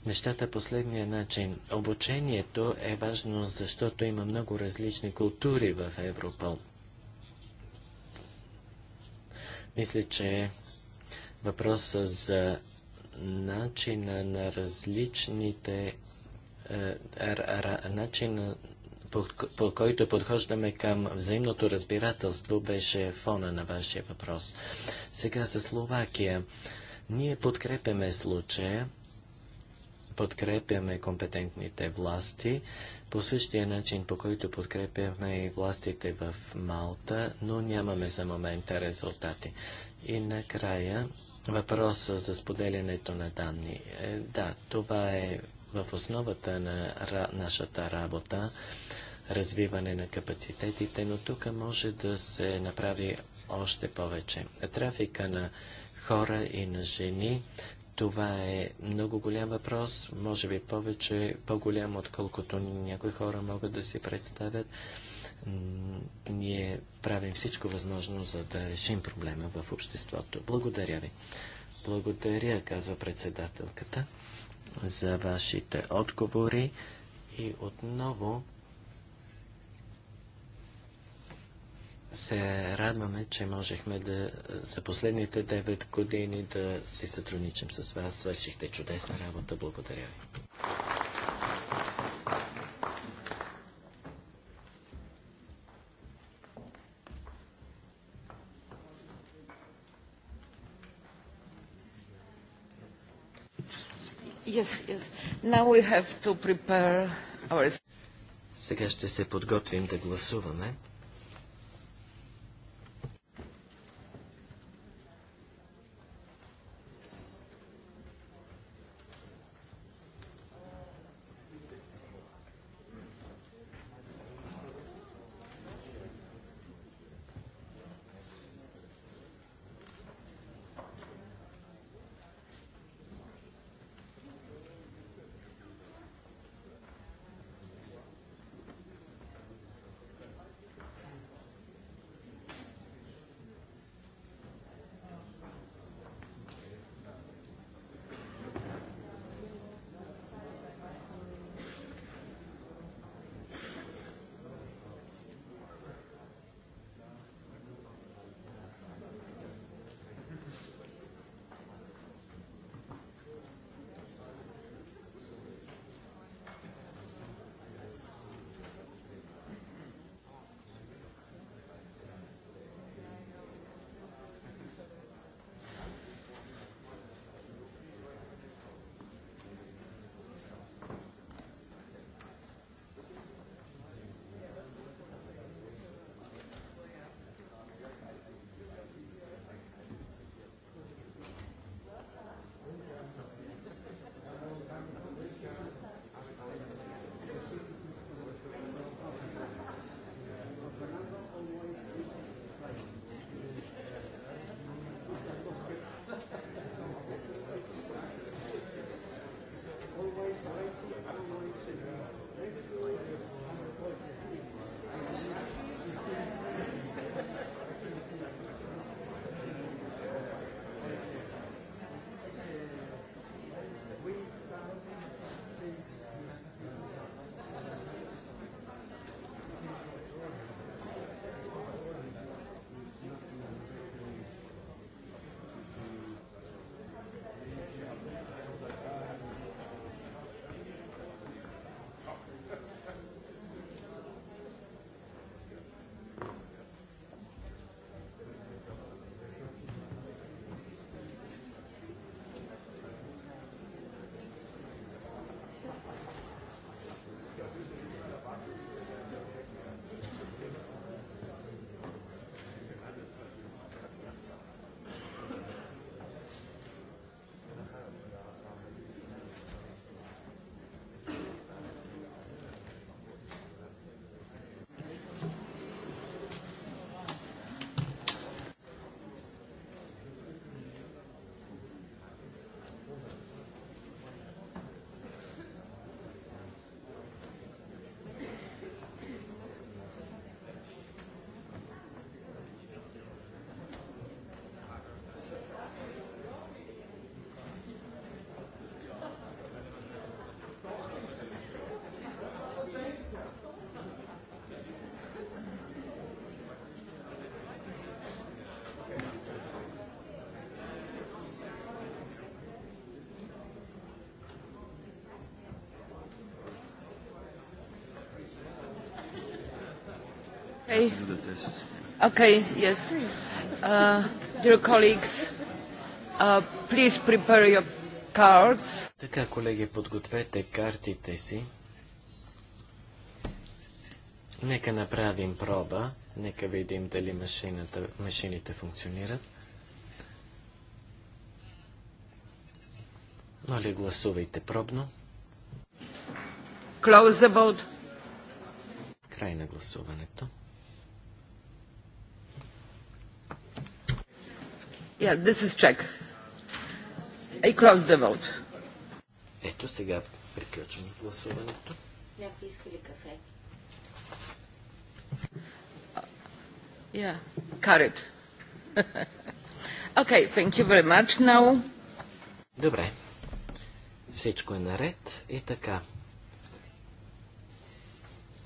нещата последния начин. Обучението е важно, защото има много различни култури в Европа. Мисля, че въпросът за начина на различните е, начина по, който подхождаме към взаимното разбирателство беше фона на вашия въпрос. Сега за Словакия. Ние подкрепяме случая, подкрепяме компетентните власти, по същия начин, по който подкрепяме и властите в Малта, но нямаме за момента резултати. И накрая въпроса за споделянето на данни. Е, да, това е в основата на ра, нашата работа, развиване на капацитетите, но тук може да се направи още повече. Трафика на хора и на жени, това е много голям въпрос, може би повече, по-голям, отколкото някои хора могат да си представят ние правим всичко възможно, за да решим проблема в обществото. Благодаря ви. Благодаря, казва председателката, за вашите отговори и отново се радваме, че можехме да за последните 9 години да си сътрудничим с вас. Свършихте чудесна работа. Благодаря ви. Yes, yes. Now we have to prepare our... Сега ще се подготвим да гласуваме. Okay. Okay, yes. Uh, dear colleagues, uh, please prepare your cards. Така, колеги, подгответе картите си. Нека направим проба. Нека видим дали машината, машините функционират. Моля, гласувайте пробно. Close the vote. Край на гласуването. Ето сега приключваме гласуването. Някой иска ли кафе? Uh, yeah, carrot. okay, thank you very much now. Добре. Всичко е наред и така.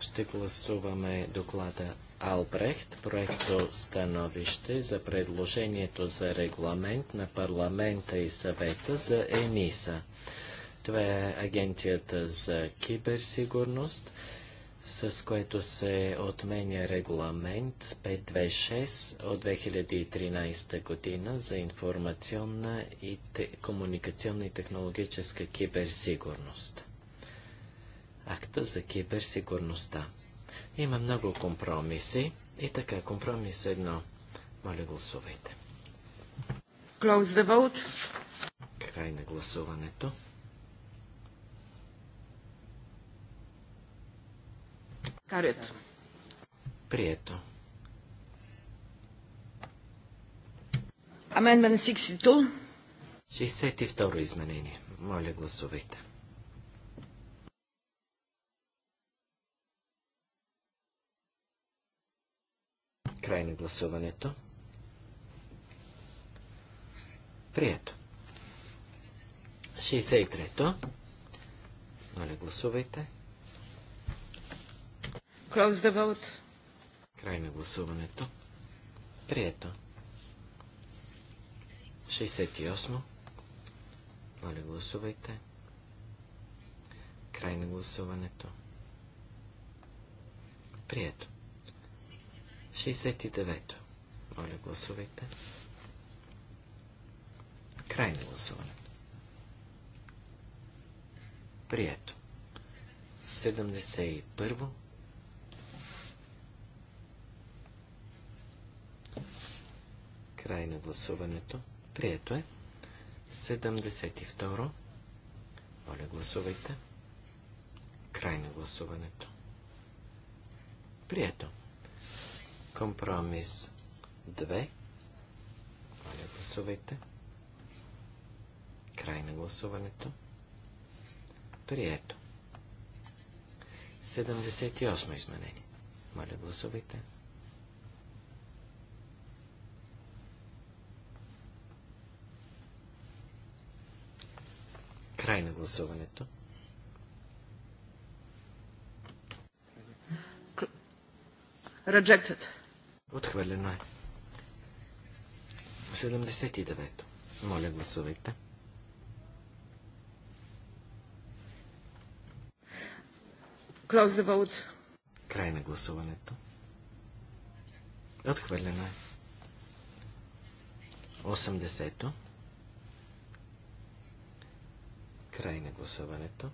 Ще гласуваме доклада Албрехт, проекто становище за предложението за регламент на парламента и съвета за ЕНИСА. Това е агенцията за киберсигурност, с което се отменя регламент 526 от 2013 година за информационна и те... комуникационна и технологическа киберсигурност. Акта за киберсигурността. Има много компромиси. И така, компромис едно. Моля, гласувайте. Close the vote. Край на гласуването. Карето. Прието. Amendment 62. 62 изменение. Моля, гласувайте. Край на гласуването. Прието. 63-то. Моля, гласувайте. Close the vote. Край на гласуването. Прието. 68. Моля, гласувайте. Край на гласуването. Прието. 69-то. Моля, гласувайте. Край на гласуването. Прието. 71-во. Край на гласуването. Прието е. 72-ро. Моля, гласувайте. Край на гласуването. Прието. 73 Компромис 2. Моля, гласувайте. Край на гласуването. Прието. 78 изменение. Моля, гласувайте. Край на гласуването. Rejected. Отхвърлено е. 79-то. Моля, гласувайте. Клоз за Волт. Край на гласуването. Отхвърлено е. 80-то. Край на гласуването.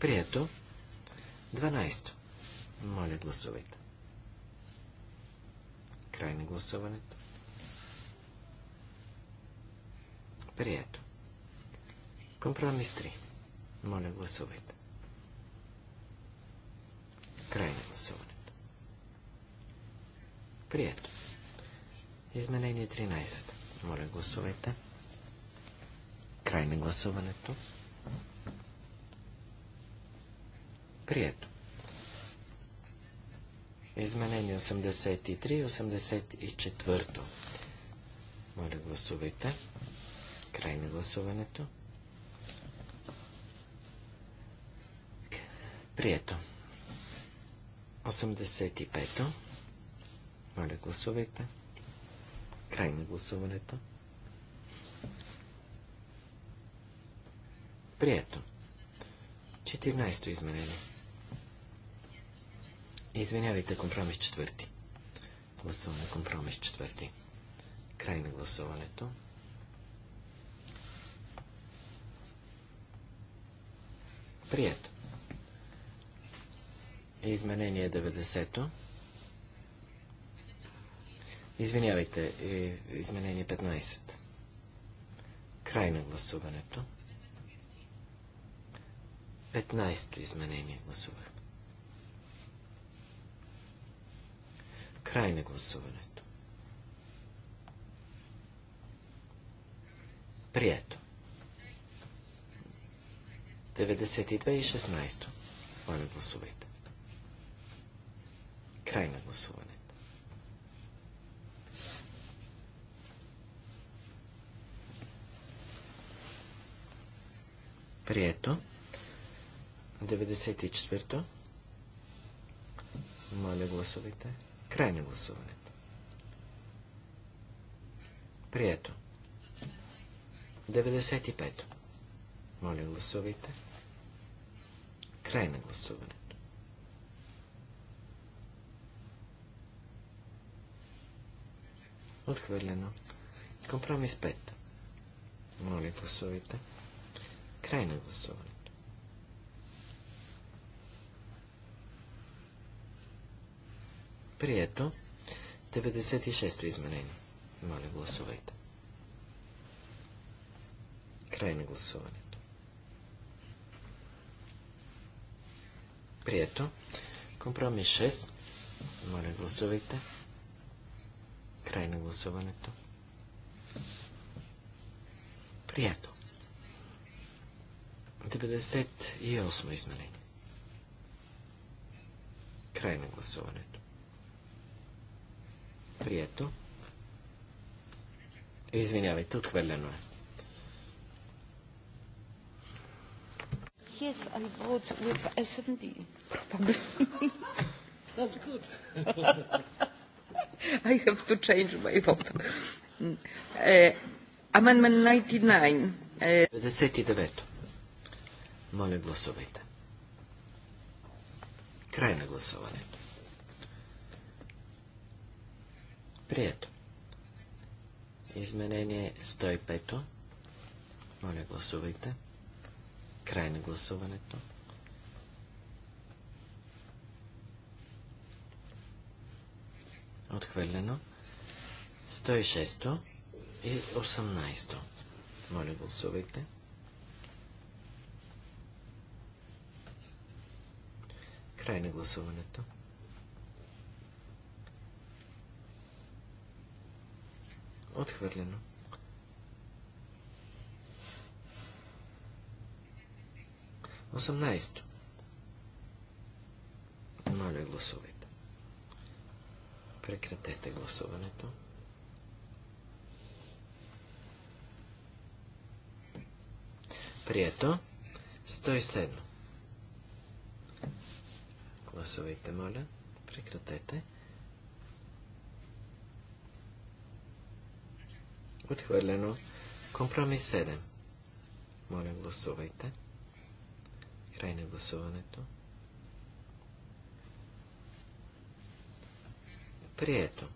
Прието. 12. Моля, гласувайте. Край на гласуването. Прието. Компромис 3. Моля, гласувайте. Край на гласуването. Прието. Изменение 13. Моля, гласувайте. Край на гласуването. Прието. Изменение 83 и 84. Моля, гласувайте. Край на гласуването. Прието. 85-то. Моля, гласувайте. Край на гласуването. Прието. 14-то изменение. Извинявайте, компромис четвърти. Гласуваме компромис четвърти. Край на гласуването. Прието. Изменение 90-то. Извинявайте, е, изменение 15. Край на гласуването. 15-то изменение гласувах. Край на гласуването. Прието. 92 и 16. Моля, гласувайте. Край на гласуването. Прието. 94. Моля, гласувайте. Край на гласуването. Прието. 95. Моля, гласувайте. Край на гласуването. Отхвърлено. Компромис 5. Моля, гласувайте. Край на гласуване. Прието. 96-то изменение. Моля, гласувайте. Край на гласуването. Прието. Компромис 6. Моля, гласувайте. Край на гласуването. Прието. 98 изменение. Край на гласуването. Прието. Извинявайте, отхвърлено е. Yes, I bought with S&D, probably. That's good. I have to change my vote. Uh, amendment 99. Uh... 99. Моля, гласувайте. Край на гласуването. Прието. Изменение 105. Моля, гласувайте. Край на гласуването. Отхвърлено. 106 и 18. Моля, гласувайте. Край на гласуването. Отхвърлено. Осъмнайсто. Моля, гласувайте. Прекратете гласуването. Прието. 107. Гласувайте, моля. Прекратете. Отхвърлено. Компромис 7. Моля, гласувайте. Край на гласуването. Прието.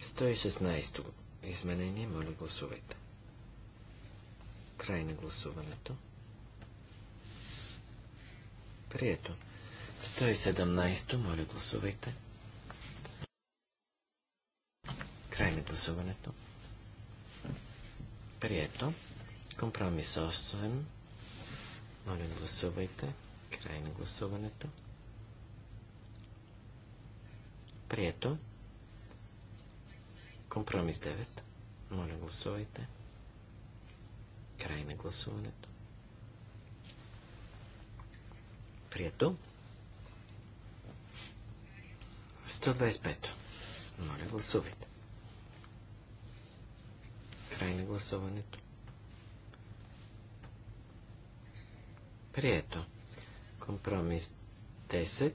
116 изменение. Моля, гласувайте. Край на гласуването. Прието. 117 моля, гласувайте. Край на гласуването. Прието. Компромис 8. Моля, гласувайте. Край на гласуването. Прието. Компромис 9. Моля, гласувайте. Край на гласуването. Прието. 125. Моля, гласувайте. Край на гласуването. Прието. Компромис 10.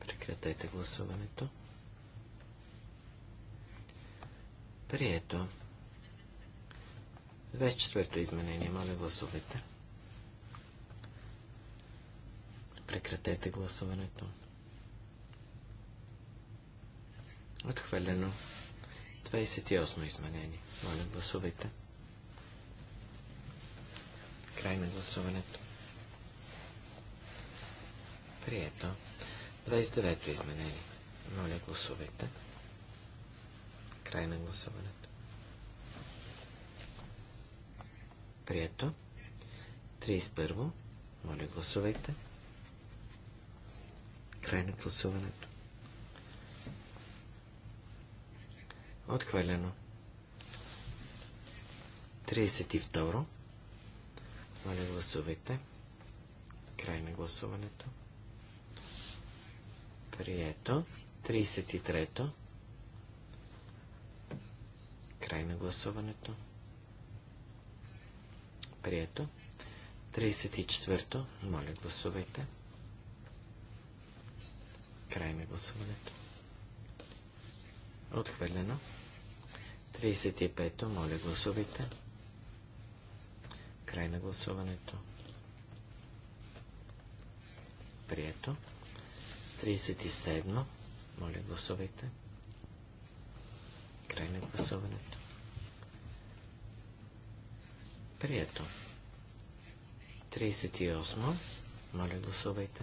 Прекратете гласуването. Прието. 24-то изменение. Моля, гласувайте. Прекратете гласуването. Отхвърлено. 28 изменение. Моля, гласувайте. Край на гласуването. Прието. 29 изменение. Моля, гласувайте. Край на гласуването. Прието. 31. Моля, гласувайте. Край на гласуването. Отхвърлено. 32. Моля, гласувайте. Край на гласуването. Прието. 33. Край на гласуването. Прието. 34. Моля, гласувайте. Край на гласуването. Отхвърлено. 35-то. Моля, гласувайте. Край на гласуването. Прието. 37-но. Моля, гласувайте. Край на гласуването. Прието. 38. Моля, гласувайте.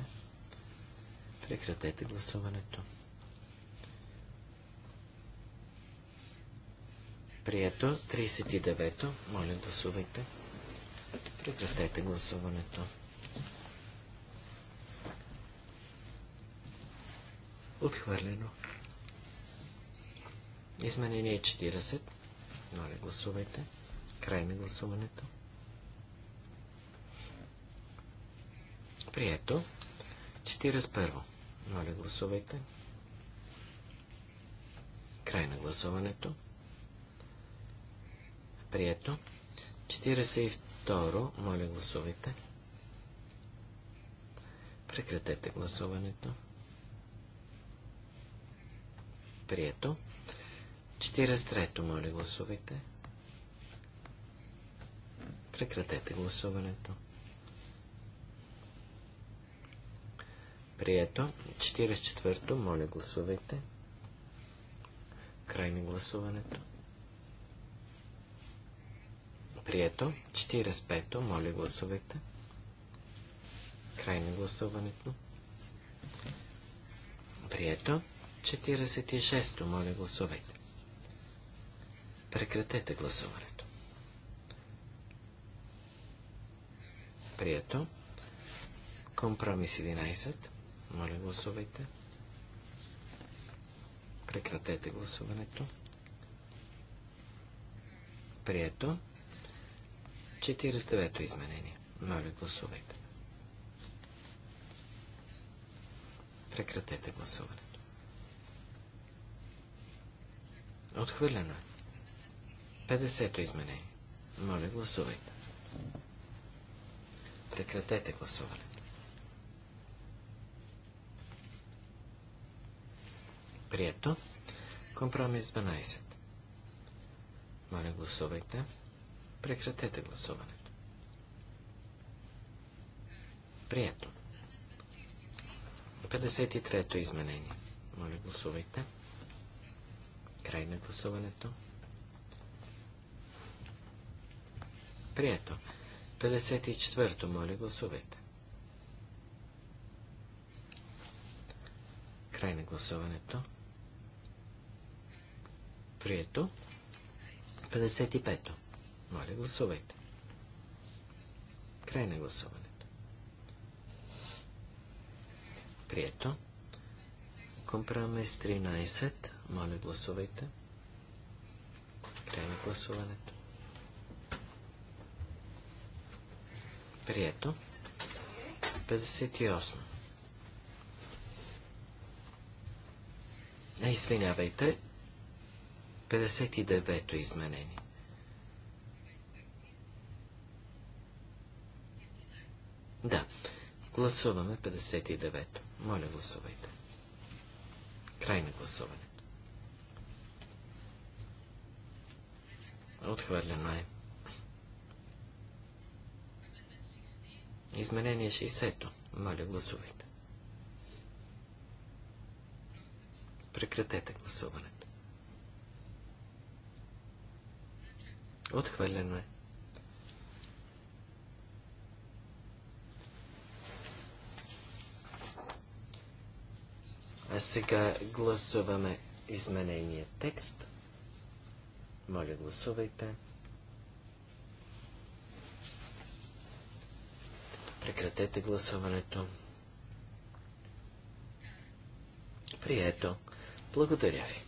Прекратете гласуването. Прието. 39-то. Моля, гласувайте. Прекратете гласуването. Отхвърлено. Изменение 40. Моля, гласувайте. Край на гласуването. Прието. 41. Моля, гласувайте. Край на гласуването. Прието. 42. Моля, гласувайте. Прекратете гласуването. Прието. 43. Моля, гласувайте. Прекратете гласуването. Прието. 44 Моля, гласувайте. Край на гласуването. Прието. 45-то. Моля гласувайте. Край на гласуването. Прието. 46-то. Моля гласувайте. Прекратете гласуването. Прието. Компромис 11. Моля гласувайте. Прекратете гласуването. Прието. 49-то изменение. Моля, гласувайте. Прекратете гласуването. Отхвърлено е. 50-то изменение. Моля, гласувайте. Прекратете гласуването. Прието. Компромис 12. Моля, гласувайте. Гласувайте. Прекратете гласуването. Прието. 53-то изменение. Моля, гласувайте. Край на гласуването. Прието. 54-то. Моля, гласувайте. Край на гласуването. Прието. 55-то. Моля, гласувайте. Край на гласуването. Прието. Компромис 13. Моля, гласувайте. Край на гласуването. Прието. 58. А, извинявайте, 59-то изменение. Да. Гласуваме 59-то. Моля, гласувайте. Край на гласуването. Отхвърлено е. Изменение 60-то. Моля, гласувайте. Прекратете гласуването. Отхвърлено е. А сега гласуваме изменения текст. Моля, гласувайте. Прекратете гласуването. Прието. Благодаря ви.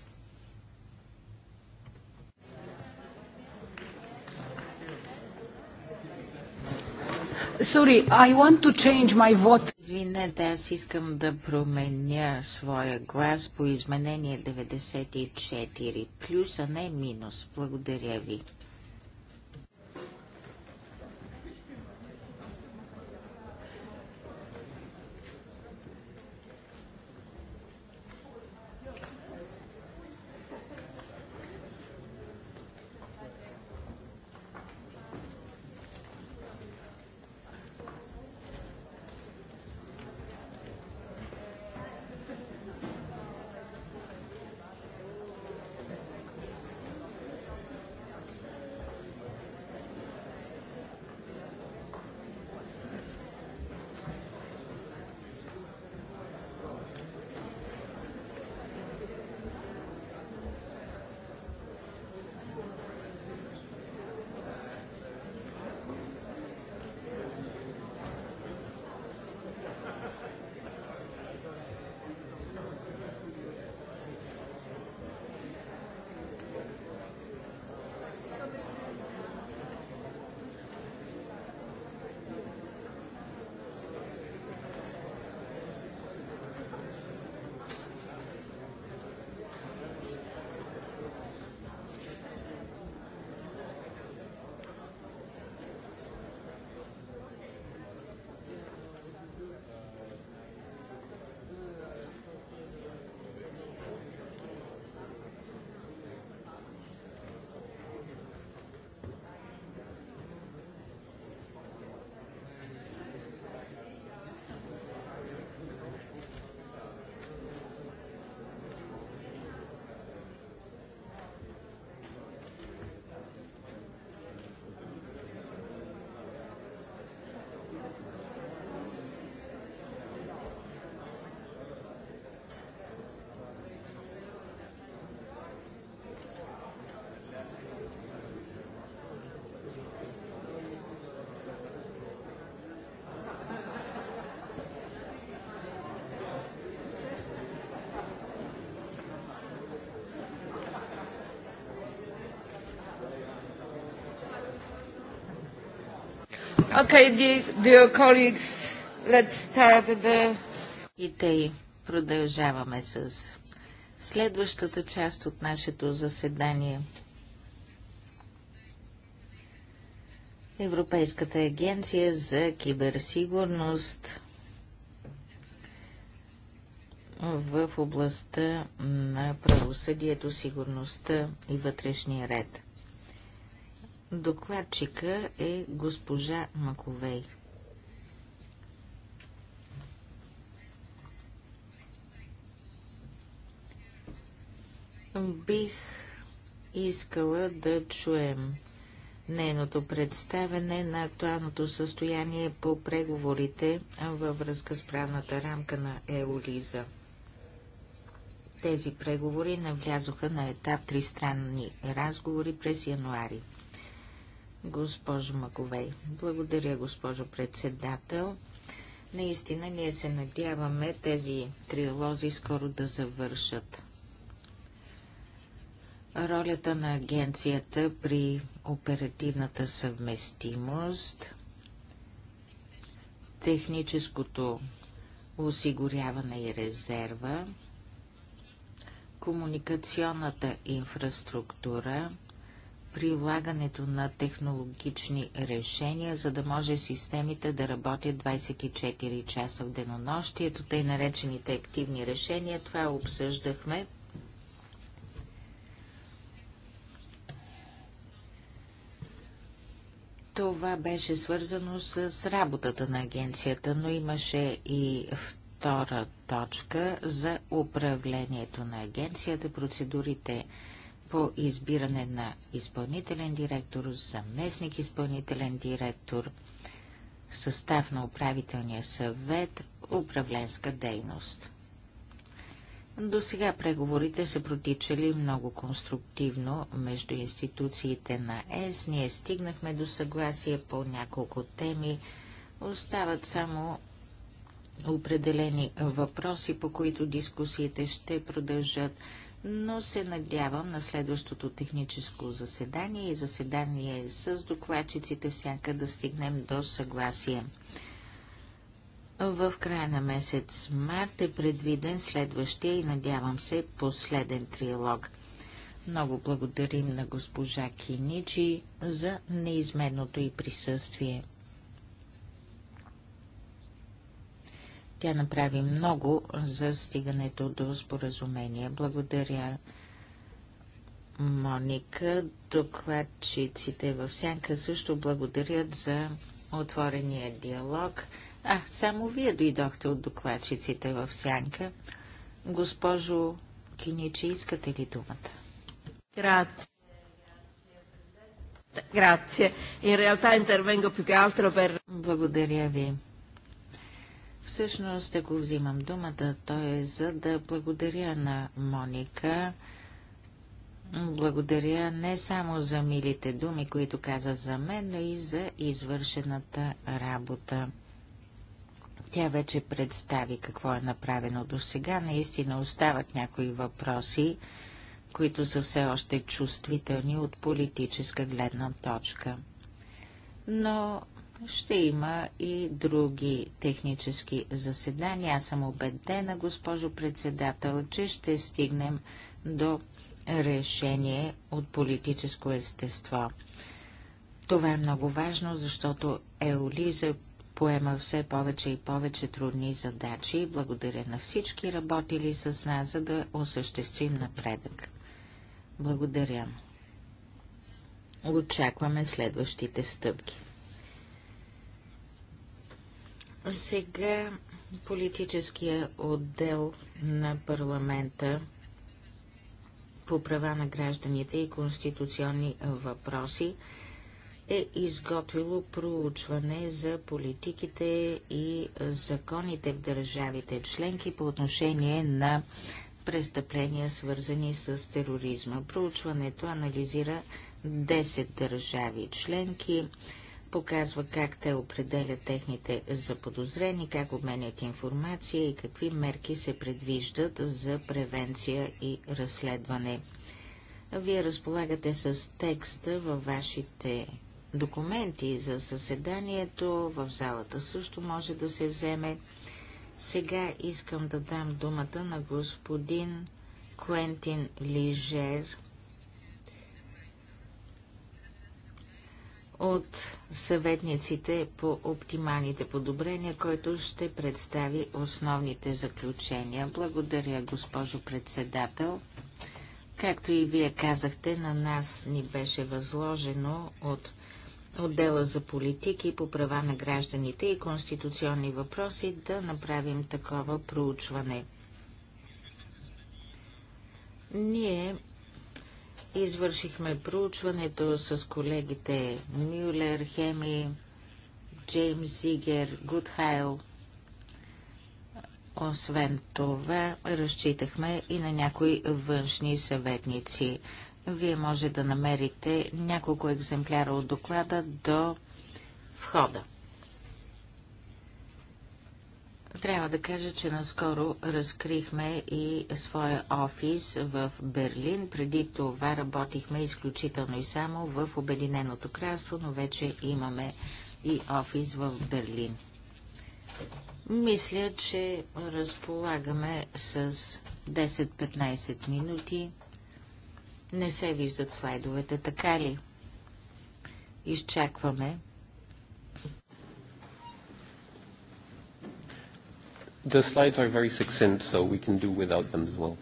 Sorry, I want to change my vote. Извинете, аз искам да променя своя глас по изменение 94 плюс, а не минус. Благодаря ви. Okay, dear, colleagues, let's start the... И тъй продължаваме с следващата част от нашето заседание. Европейската агенция за киберсигурност в областта на правосъдието, сигурността и вътрешния ред. Докладчика е госпожа Маковей. Бих искала да чуем нейното представене на актуалното състояние по преговорите във връзка с правната рамка на Еолиза. Тези преговори навлязоха на етап тристранни разговори през януари. Госпожо Маковей, благодаря, госпожо председател. Наистина ние се надяваме тези триолози скоро да завършат. Ролята на агенцията при оперативната съвместимост, техническото осигуряване и резерва, комуникационната инфраструктура, прилагането на технологични решения, за да може системите да работят 24 часа в денонощието, тъй наречените активни решения. Това обсъждахме. Това беше свързано с работата на агенцията, но имаше и втора точка за управлението на агенцията, процедурите по избиране на изпълнителен директор, заместник изпълнителен директор, състав на управителния съвет, управленска дейност. До сега преговорите са протичали много конструктивно между институциите на ЕС. Ние стигнахме до съгласие по няколко теми. Остават само определени въпроси, по които дискусиите ще продължат но се надявам на следващото техническо заседание и заседание с докладчиците всяка да стигнем до съгласие. В края на месец март е предвиден следващия и надявам се последен триалог. Много благодарим на госпожа Киничи за неизменното и присъствие. Тя направи много за стигането до споразумение. Благодаря, Моника. Докладчиците в Сянка също благодарят за отворения диалог. А, само вие дойдохте от докладчиците в Сянка. Госпожо Киничи, искате ли думата? Grazie. In realtà intervengo più che altro per... Благодаря ви. Всъщност, ако взимам думата, то е за да благодаря на Моника. Благодаря не само за милите думи, които каза за мен, но и за извършената работа. Тя вече представи какво е направено до сега. Наистина остават някои въпроси, които са все още чувствителни от политическа гледна точка. Но ще има и други технически заседания. Аз съм убедена, госпожо председател, че ще стигнем до решение от политическо естество. Това е много важно, защото Еолиза поема все повече и повече трудни задачи и благодаря на всички работили с нас, за да осъществим напредък. Благодаря. Очакваме следващите стъпки. Сега политическия отдел на парламента по права на гражданите и конституционни въпроси е изготвило проучване за политиките и законите в държавите членки по отношение на престъпления, свързани с тероризма. Проучването анализира 10 държави членки, показва как те определят техните заподозрени, как обменят информация и какви мерки се предвиждат за превенция и разследване. Вие разполагате с текста във вашите документи за съседанието, в залата също може да се вземе. Сега искам да дам думата на господин Квентин Лижер, от съветниците по оптималните подобрения, който ще представи основните заключения. Благодаря, госпожо председател. Както и вие казахте, на нас ни беше възложено от отдела за политики по права на гражданите и конституционни въпроси да направим такова проучване. Ние Извършихме проучването с колегите Мюлер, Хеми, Джеймс Зигер, Гудхайл. Освен това, разчитахме и на някои външни съветници. Вие може да намерите няколко екземпляра от доклада до входа. Трябва да кажа, че наскоро разкрихме и своя офис в Берлин. Преди това работихме изключително и само в Обединеното кралство, но вече имаме и офис в Берлин. Мисля, че разполагаме с 10-15 минути. Не се виждат слайдовете, така ли? Изчакваме. The slides are very succinct, so we can do without them as well.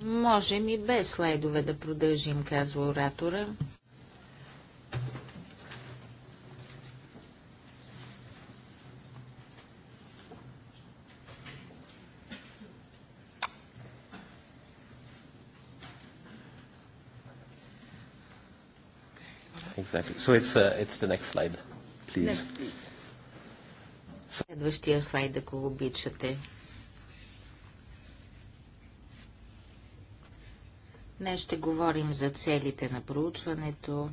Можем и без слайдове да продължим, казва оратора. Exactly. So it's, uh, it's the next slide, please. Next. please. Следващия слайд, ако го обичате. Днес ще говорим за целите на проучването,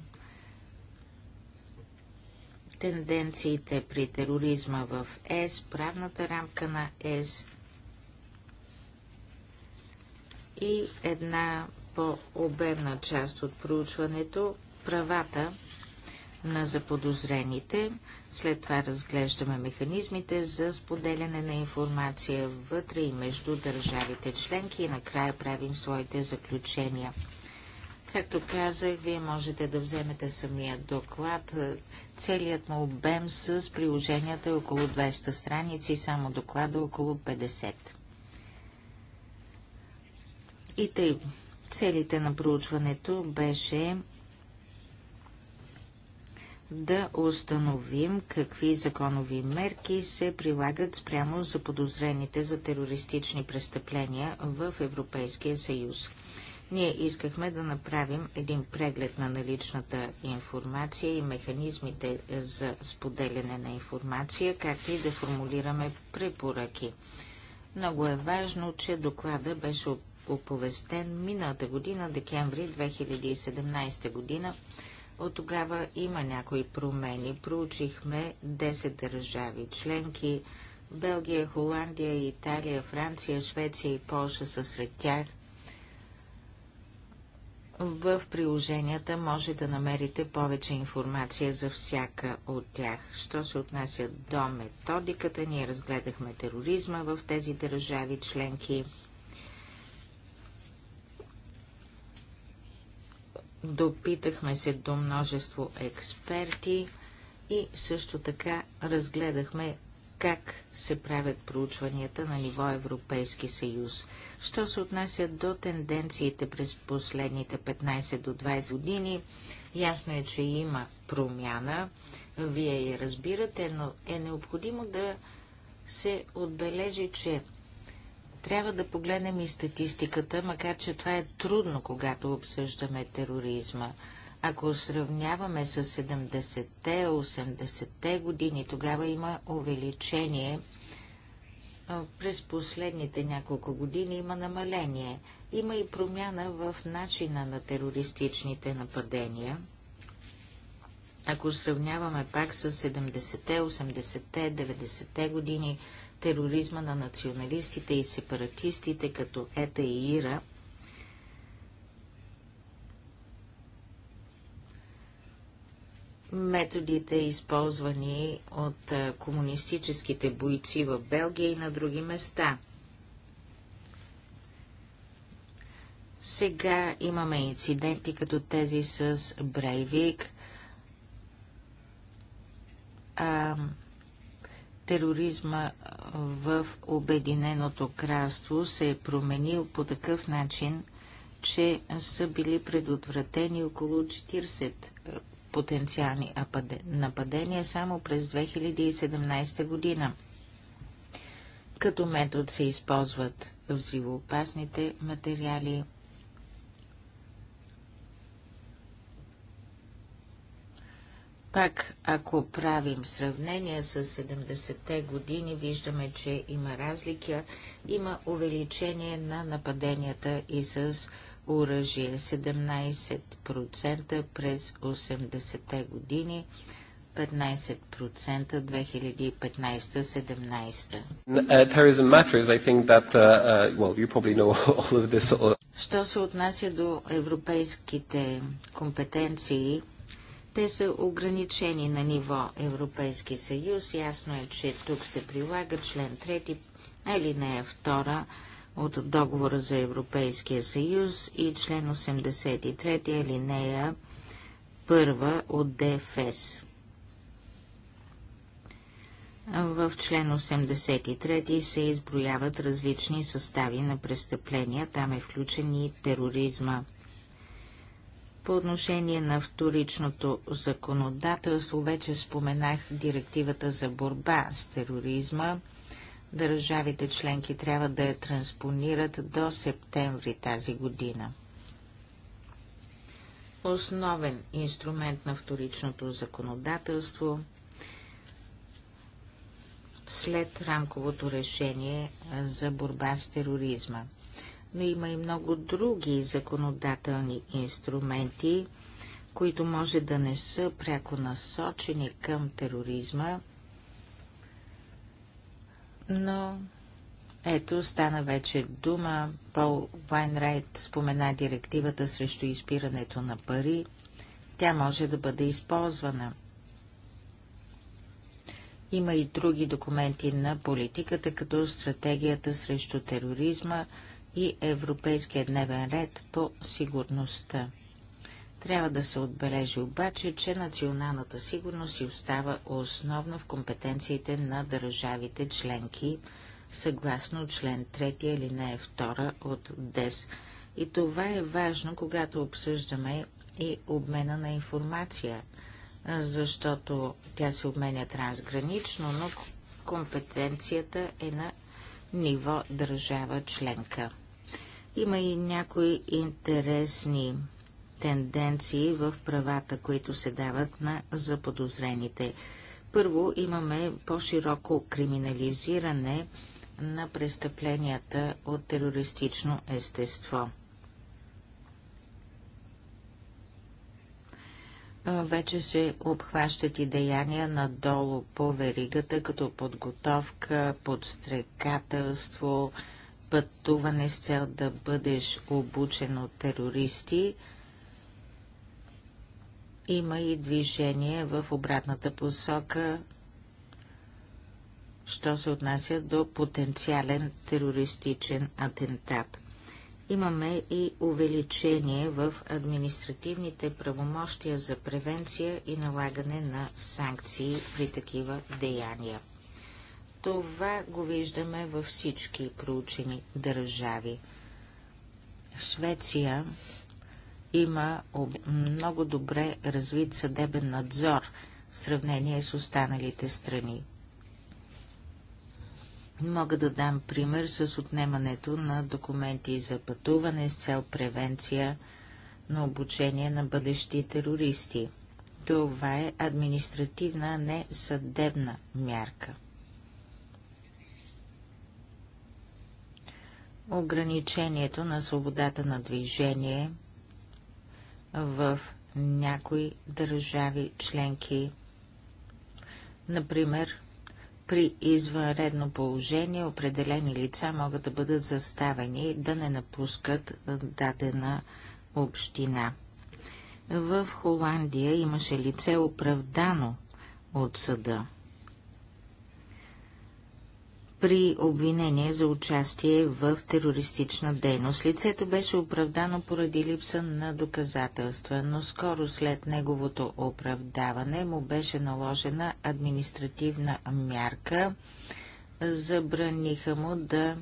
тенденциите при тероризма в ЕС, правната рамка на ЕС и една по-обемна част от проучването – правата на заподозрените. След това разглеждаме механизмите за споделяне на информация вътре и между държавите членки и накрая правим своите заключения. Както казах, вие можете да вземете самия доклад. Целият му обем с приложенията е около 200 страници, само доклада около 50. И тъй, целите на проучването беше да установим какви законови мерки се прилагат спрямо за подозрените за терористични престъпления в Европейския съюз. Ние искахме да направим един преглед на наличната информация и механизмите за споделяне на информация, както и да формулираме препоръки. Много е важно, че доклада беше оповестен миналата година, декември 2017 година, от тогава има някои промени. Проучихме 10 държави членки. Белгия, Холандия, Италия, Франция, Швеция и Польша са сред тях. В приложенията може да намерите повече информация за всяка от тях. Що се отнася до методиката, ние разгледахме тероризма в тези държави членки – Допитахме се до множество експерти и също така разгледахме как се правят проучванията на ниво Европейски съюз. Що се отнася до тенденциите през последните 15 до 20 години, ясно е, че има промяна, вие я разбирате, но е необходимо да се отбележи, че трябва да погледнем и статистиката, макар че това е трудно, когато обсъждаме тероризма. Ако сравняваме с 70-те, 80-те години, тогава има увеличение. През последните няколко години има намаление. Има и промяна в начина на терористичните нападения. Ако сравняваме пак с 70-те, 80-те, 90-те години, тероризма на националистите и сепаратистите като ЕТА и ИРА, методите, използвани от комунистическите бойци в Белгия и на други места. Сега имаме инциденти като тези с Брейвик, а, тероризма в Обединеното кралство се е променил по такъв начин, че са били предотвратени около 40 потенциални нападения само през 2017 година. Като метод се използват взривоопасните материали, Пак, ако правим сравнение с 70-те години, виждаме, че има разлика. Има увеличение на нападенията и с оръжие 17% през 80-те години, 15% 2015-17. Uh, uh, uh, Що се отнася до европейските компетенции, те са ограничени на ниво Европейски съюз. Ясно е, че тук се прилага член 3, е 2 от договора за Европейския съюз и член 83, е 1 от ДФС. В член 83 се изброяват различни състави на престъпления, там е включен и тероризма. По отношение на вторичното законодателство вече споменах директивата за борба с тероризма. Държавите членки трябва да я транспонират до септември тази година. Основен инструмент на вторичното законодателство след рамковото решение за борба с тероризма – но има и много други законодателни инструменти, които може да не са пряко насочени към тероризма, но ето стана вече дума. Пол Вайнрайт спомена директивата срещу изпирането на пари. Тя може да бъде използвана. Има и други документи на политиката, като стратегията срещу тероризма, и Европейския дневен ред по сигурността. Трябва да се отбележи обаче, че националната сигурност си остава основно в компетенциите на държавите членки, съгласно член 3 или не 2 от ДЕС. И това е важно, когато обсъждаме и обмена на информация, защото тя се обменя трансгранично, но компетенцията е на ниво държава членка. Има и някои интересни тенденции в правата, които се дават на заподозрените. Първо имаме по-широко криминализиране на престъпленията от терористично естество. Вече се обхващат и деяния надолу по веригата, като подготовка, подстрекателство, подстрекателство, пътуване с цел да бъдеш обучен от терористи. Има и движение в обратната посока, що се отнася до потенциален терористичен атентат. Имаме и увеличение в административните правомощия за превенция и налагане на санкции при такива деяния. Това го виждаме във всички проучени държави. Швеция има много добре развит съдебен надзор в сравнение с останалите страни. Мога да дам пример с отнемането на документи за пътуване с цел превенция на обучение на бъдещи терористи. Това е административна, не съдебна мярка. ограничението на свободата на движение в някои държави членки. Например, при извънредно положение определени лица могат да бъдат заставени да не напускат дадена община. В Холандия имаше лице оправдано от съда при обвинение за участие в терористична дейност. Лицето беше оправдано поради липса на доказателства, но скоро след неговото оправдаване му беше наложена административна мярка. Забраниха му да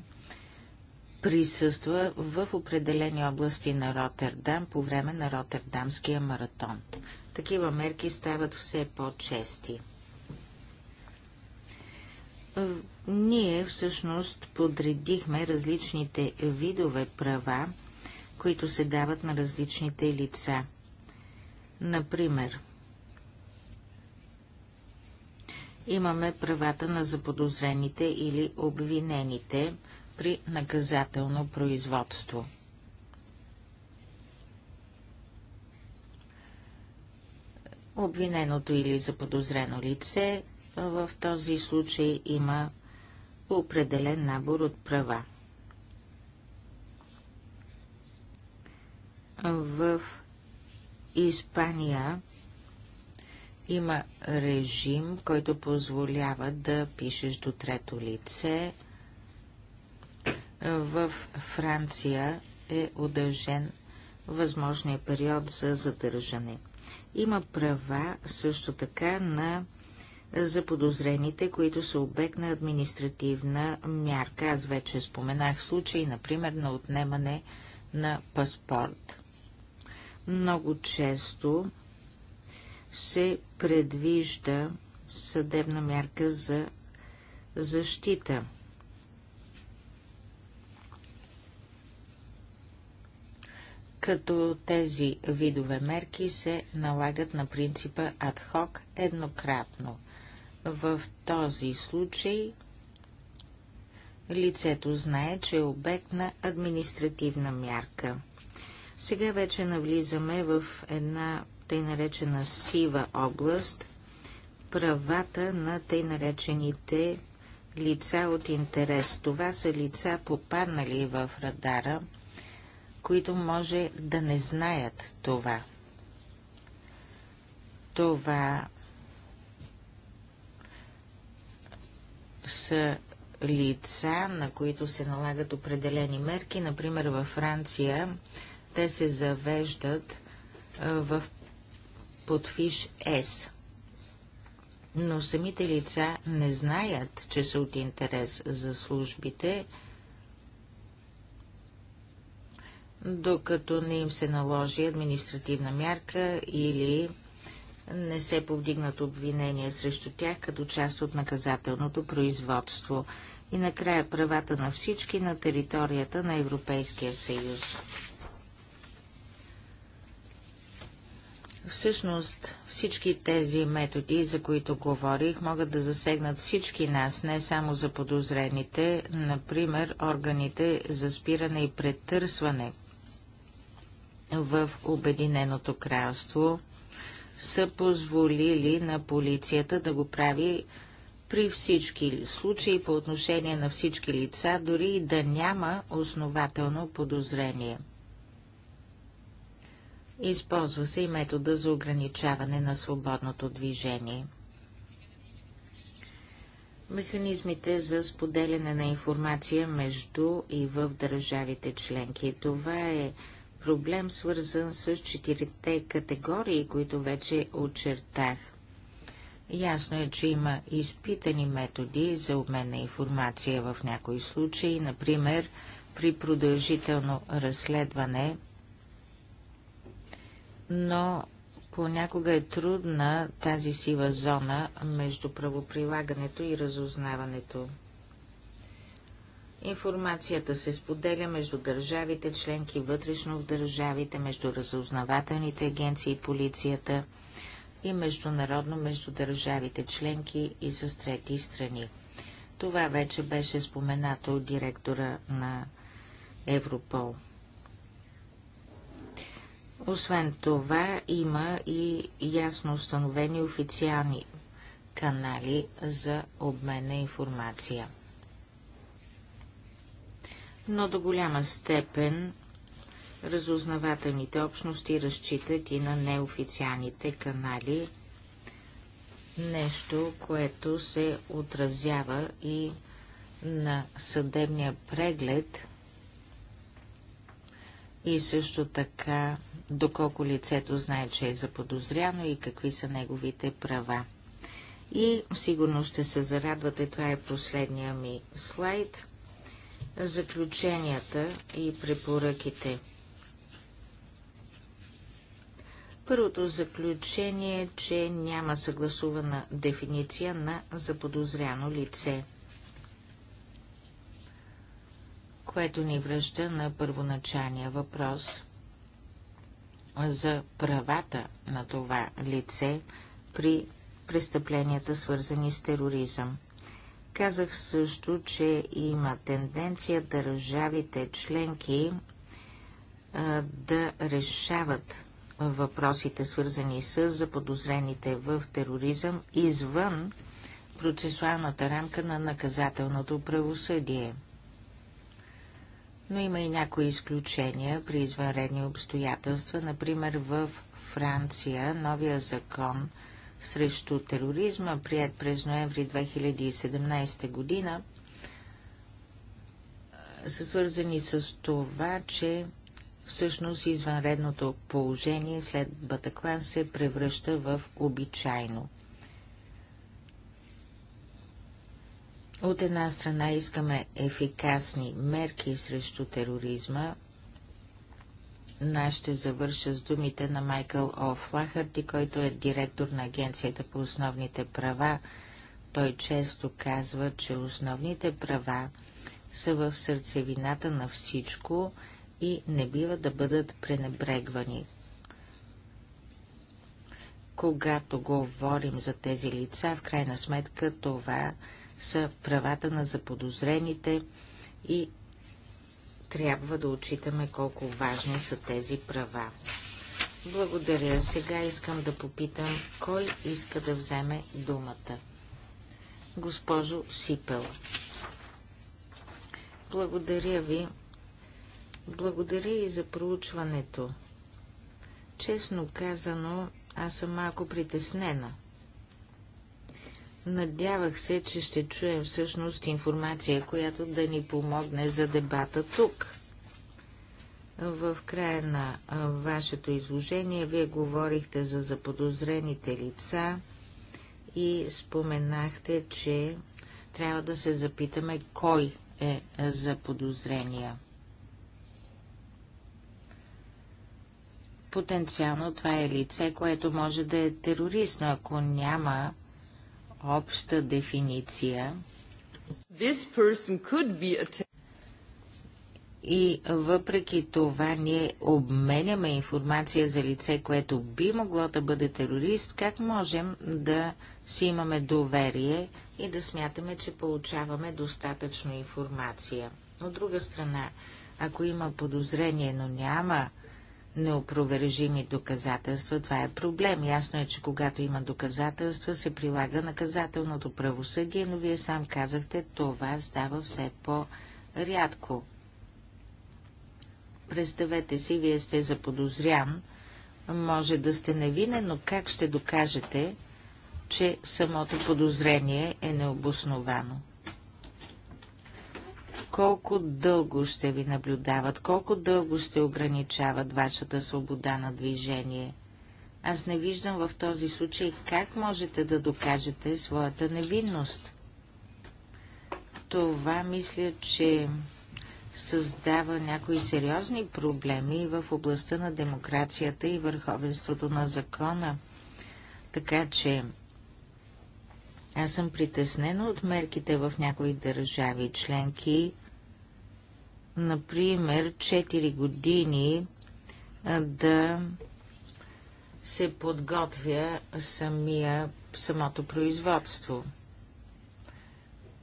присъства в определени области на Ротердам по време на Ротердамския маратон. Такива мерки стават все по-чести ние всъщност подредихме различните видове права, които се дават на различните лица. Например, имаме правата на заподозрените или обвинените при наказателно производство. Обвиненото или заподозрено лице в този случай има определен набор от права. В Испания има режим, който позволява да пишеш до трето лице. В Франция е удължен възможния период за задържане. Има права също така на за подозрените, които са обект на административна мярка. Аз вече споменах случаи, например, на отнемане на паспорт. Много често се предвижда съдебна мярка за защита. като тези видове мерки се налагат на принципа адхок еднократно – в този случай лицето знае, че е обект на административна мярка. Сега вече навлизаме в една тъй наречена сива област правата на тъй наречените лица от интерес. Това са лица попаднали в радара, които може да не знаят това. Това са лица, на които се налагат определени мерки. Например, във Франция те се завеждат в подфиш С. Но самите лица не знаят, че са от интерес за службите, докато не им се наложи административна мярка или не се повдигнат обвинения срещу тях като част от наказателното производство и накрая правата на всички на територията на Европейския съюз. Всъщност всички тези методи, за които говорих, могат да засегнат всички нас, не само за подозрените, например органите за спиране и претърсване в Обединеното кралство – са позволили на полицията да го прави при всички случаи по отношение на всички лица, дори и да няма основателно подозрение. Използва се и метода за ограничаване на свободното движение. Механизмите за споделяне на информация между и в държавите членки. Това е проблем, свързан с четирите категории, които вече очертах. Ясно е, че има изпитани методи за обмен на информация в някои случаи, например при продължително разследване, но понякога е трудна тази сива зона между правоприлагането и разузнаването. Информацията се споделя между държавите, членки вътрешно в държавите, между разузнавателните агенции и полицията и международно между държавите членки и с трети страни. Това вече беше споменато от директора на Европол. Освен това, има и ясно установени официални канали за обмен на информация но до голяма степен разузнавателните общности разчитат и на неофициалните канали, нещо, което се отразява и на съдебния преглед и също така доколко лицето знае, че е заподозряно и какви са неговите права. И сигурно ще се зарадвате, това е последния ми слайд – заключенията и препоръките. Първото заключение е, че няма съгласувана дефиниция на заподозряно лице, което ни връща на първоначалния въпрос за правата на това лице при престъпленията, свързани с тероризъм. Казах също, че има тенденция държавите членки да решават въпросите, свързани с заподозрените в тероризъм, извън процесуалната рамка на наказателното правосъдие. Но има и някои изключения при извънредни обстоятелства. Например, в Франция новия закон – срещу тероризма, прият през ноември 2017 година, са свързани с това, че всъщност извънредното положение след Батаклан се превръща в обичайно. От една страна искаме ефикасни мерки срещу тероризма, Дна ще завърша с думите на Майкъл О. Флахарти, който е директор на Агенцията по основните права. Той често казва, че основните права са в сърцевината на всичко и не бива да бъдат пренебрегвани. Когато говорим за тези лица, в крайна сметка това са правата на заподозрените и трябва да отчитаме колко важни са тези права. Благодаря. Сега искам да попитам, кой иска да вземе думата? Госпожо Сипел. Благодаря ви. Благодаря и за проучването. Честно казано, аз съм малко притеснена – Надявах се, че ще чуем всъщност информация, която да ни помогне за дебата тук. В края на вашето изложение вие говорихте за заподозрените лица и споменахте, че трябва да се запитаме кой е подозрения. Потенциално това е лице, което може да е терорист, но ако няма обща дефиниция. A... И въпреки това ние обменяме информация за лице, което би могло да бъде терорист, как можем да си имаме доверие и да смятаме, че получаваме достатъчно информация. От друга страна, ако има подозрение, но няма неопровержими доказателства, това е проблем. Ясно е, че когато има доказателства, се прилага наказателното правосъдие, но вие сам казахте, това става все по-рядко. Представете си, вие сте заподозрян, може да сте невинен, но как ще докажете, че самото подозрение е необосновано? колко дълго ще ви наблюдават, колко дълго ще ограничават вашата свобода на движение. Аз не виждам в този случай как можете да докажете своята невинност. Това мисля, че създава някои сериозни проблеми в областта на демокрацията и върховенството на закона. Така че аз съм притеснена от мерките в някои държави членки, например, 4 години да се подготвя самия, самото производство.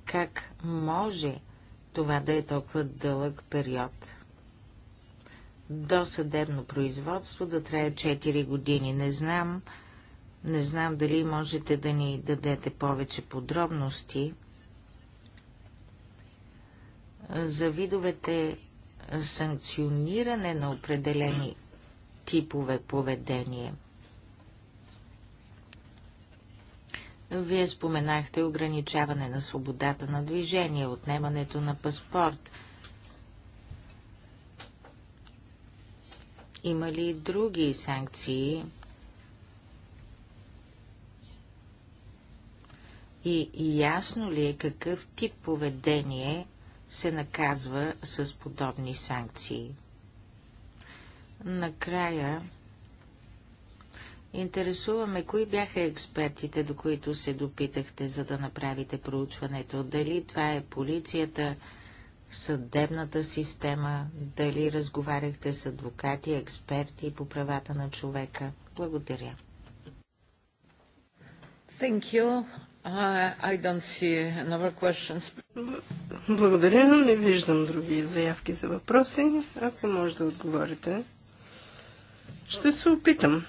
Как може това да е толкова дълъг период? До съдебно производство да трае 4 години. Не знам, не знам дали можете да ни дадете повече подробности – за видовете санкциониране на определени типове поведение. Вие споменахте ограничаване на свободата на движение, отнемането на паспорт. Има ли други санкции? И ясно ли е какъв тип поведение се наказва с подобни санкции. Накрая интересуваме кои бяха експертите, до които се допитахте, за да направите проучването. Дали това е полицията, съдебната система, дали разговаряхте с адвокати, експерти по правата на човека. Благодаря. Thank you. Uh, I don't see another questions. Благодаря, но не виждам други заявки за въпроси. Ако може да отговорите, ще се опитам.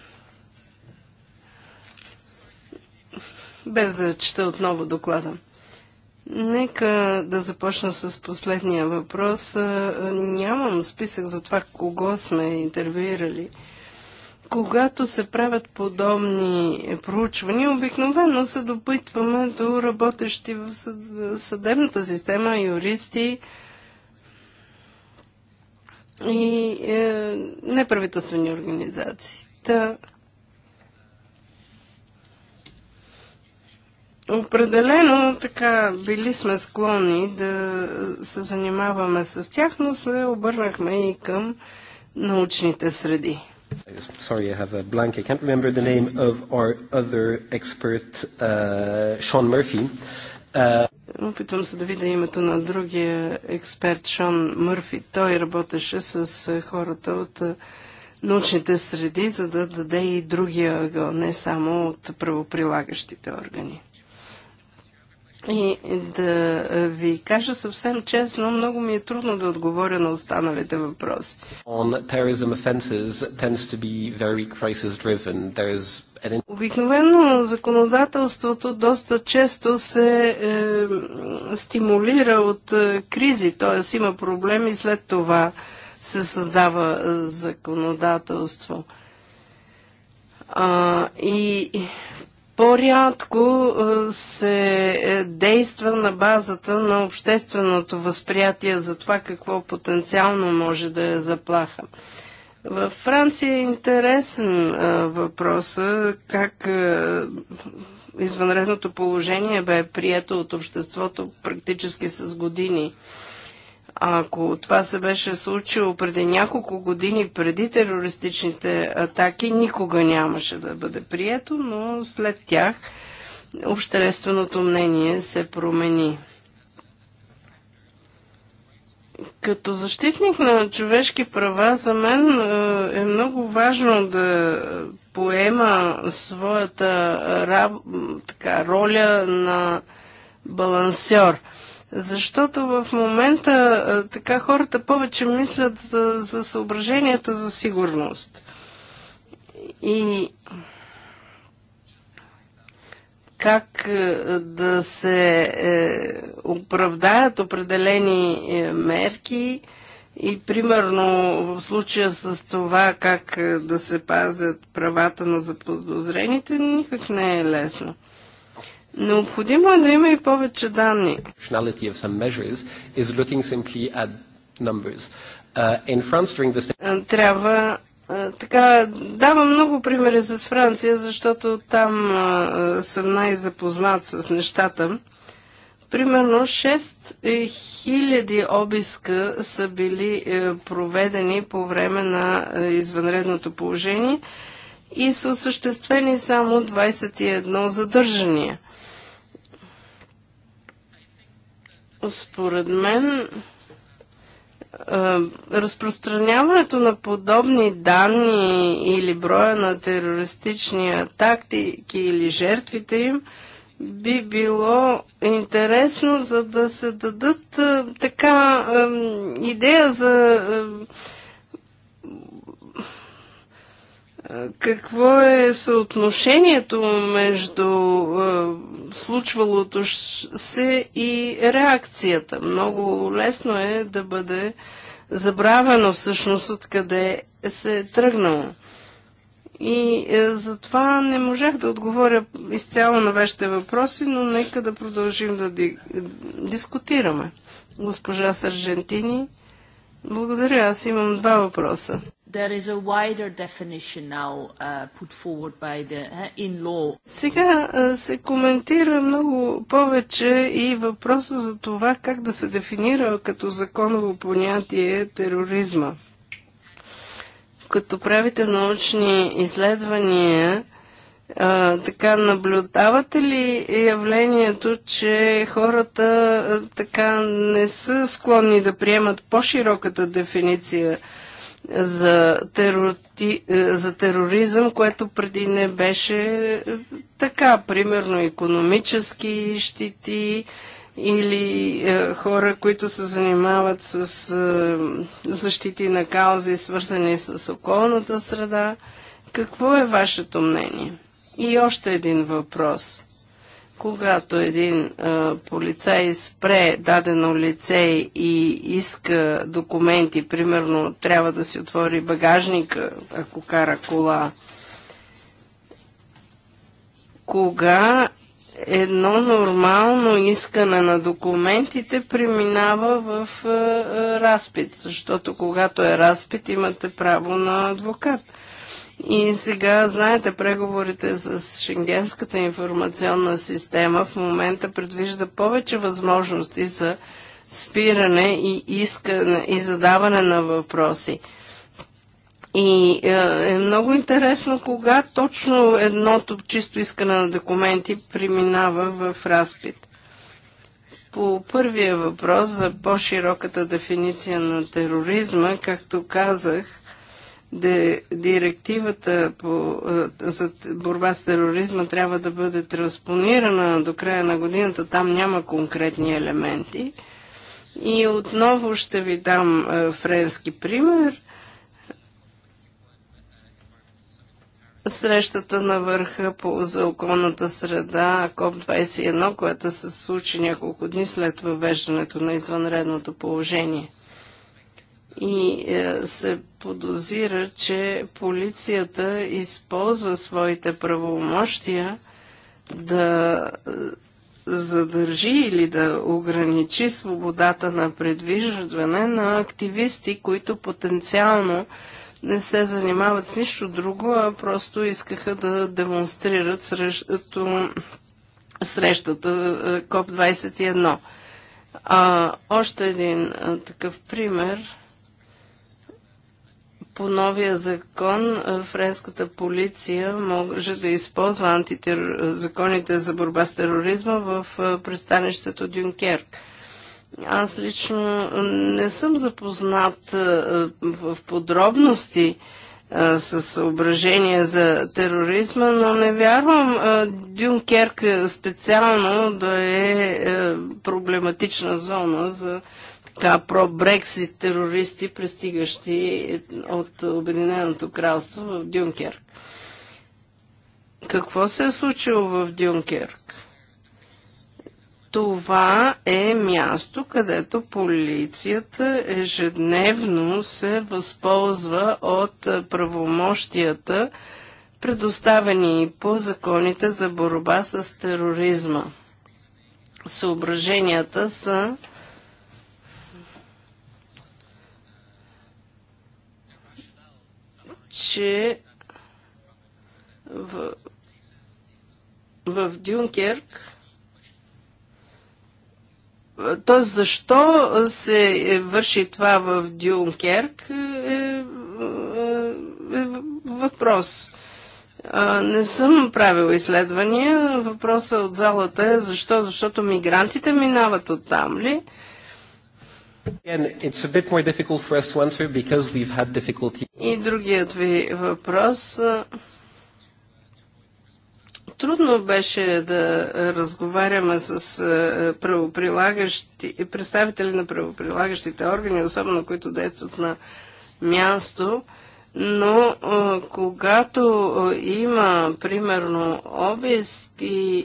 Без да чета отново доклада. Нека да започна с последния въпрос. Е, нямам списък за това кого сме интервюирали когато се правят подобни проучвания, обикновено се допитваме до работещи в съдебната система, юристи и е, неправителствени организации. Та... Определено така били сме склонни да се занимаваме с тях, но се обърнахме и към научните среди. Sorry, I have a blank. I can't remember the name of our other expert, uh, Sean Murphy. Uh, Опитвам се да видя името на другия експерт, Шон Мърфи. Той работеше с е, хората от е, научните среди, за да даде и другия не само от правоприлагащите органи. И да ви кажа съвсем честно, много ми е трудно да отговоря на останалите въпроси. Обикновено законодателството доста често се е, стимулира от е, кризи, т.е. има проблеми и след това се създава е, законодателство. А, и по-рядко е, се е, действа на базата на общественото възприятие за това какво потенциално може да е заплаха. Във Франция е интересен е, въпрос как извънредното положение бе прието от обществото практически с години. Ако това се беше случило преди няколко години преди терористичните атаки, никога нямаше да бъде прието, но след тях общественото мнение се промени. Като защитник на човешки права, за мен е, е много важно да поема своята така, роля на балансьор – защото в момента така хората повече мислят за, за съображенията за сигурност. И как да се е, оправдаят определени е, мерки и примерно в случая с това как е, да се пазят правата на заподозрените, никак не е лесно. Необходимо е да има и повече данни. Uh, трябва така, давам много примери с Франция, защото там а, съм най-запознат с нещата. Примерно 6000 обиска са били е, проведени по време на е, извънредното положение и са осъществени само 21 задържания. Според мен, разпространяването на подобни данни или броя на терористични атаки или жертвите им би било интересно, за да се дадат така идея за Какво е съотношението между е, случвалото се и реакцията? Много лесно е да бъде забравено всъщност откъде се е тръгнало. И е, затова не можах да отговоря изцяло на вашите въпроси, но нека да продължим да ди, дискутираме. Госпожа Сържентини, благодаря. Аз имам два въпроса. Now, Сега се коментира много повече и въпроса за това как да се дефинира като законово понятие тероризма. Като правите научни изследвания, а, така наблюдавате ли явлението, че хората а, така не са склонни да приемат по-широката дефиниция за, терорти, е, за тероризъм, което преди не беше е, така. Примерно економически щити или е, хора, които се занимават с е, защити на каузи, свързани с околната среда. Какво е вашето мнение? И още един въпрос – когато един а, полицай спре дадено лице и иска документи, примерно трябва да си отвори багажника, ако кара кола, кога едно нормално искане на документите преминава в а, разпит, защото когато е разпит имате право на адвокат. И сега, знаете, преговорите с Шенгенската информационна система в момента предвижда повече възможности за спиране и искане и задаване на въпроси. И е, е много интересно кога точно едното чисто искане на документи преминава в разпит. По първия въпрос за по-широката дефиниция на тероризма, както казах, директивата по, е, за борба с тероризма трябва да бъде транспонирана до края на годината, там няма конкретни елементи. И отново ще ви дам е, френски пример. Срещата на върха по, за околната среда КОП-21, която се случи няколко дни след въвеждането на извънредното положение – и е, се подозира, че полицията използва своите правомощия да е, задържи или да ограничи свободата на предвиждане на активисти, които потенциално не се занимават с нищо друго, а просто искаха да демонстрират срещу срещата е, КОП-21. А, още един а, такъв пример по новия закон е, френската полиция може да използва антитер... Е, законите за борба с тероризма в е, пристанището Дюнкерк. Аз лично не съм запознат в подробности с съображения за тероризма, но не вярвам Дюнкерк специално да е проблематична зона за тероризма така про-Брексит терористи, пристигащи от Обединеното кралство в Дюнкерк. Какво се е случило в Дюнкерк? Това е място, където полицията ежедневно се възползва от правомощията, предоставени по законите за борба с тероризма. Съображенията са че в, в Дюнкерк т.е. защо се върши това в Дюнкерк е, е, е въпрос. Не съм правил изследвания. Въпросът от залата е защо? Защото мигрантите минават от там ли? И другият ви въпрос. Трудно беше да разговаряме с е, правоприлагащи, представители на правоприлагащите органи, особено които действат на място, но е, когато е, има, примерно, обиск и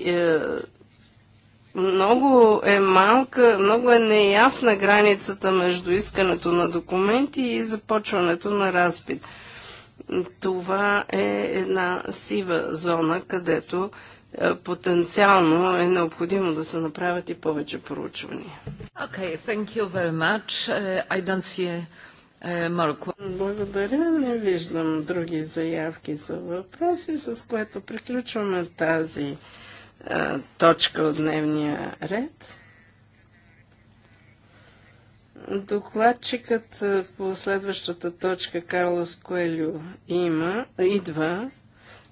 много е малка, много е неясна границата между искането на документи и започването на разпит. Това е една сива зона, където е, потенциално е необходимо да се направят и повече проучвания. Okay, thank you very much. Uh, I don't see Марко. Uh, Благодаря. Не виждам други заявки за въпроси, с което приключваме тази точка от дневния ред. Докладчикът по следващата точка Карлос Коелю има, идва.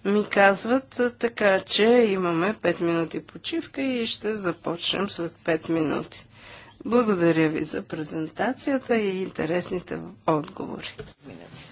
Ми казват така, че имаме 5 минути почивка и ще започнем след 5 минути. Благодаря ви за презентацията и интересните отговори. Минус.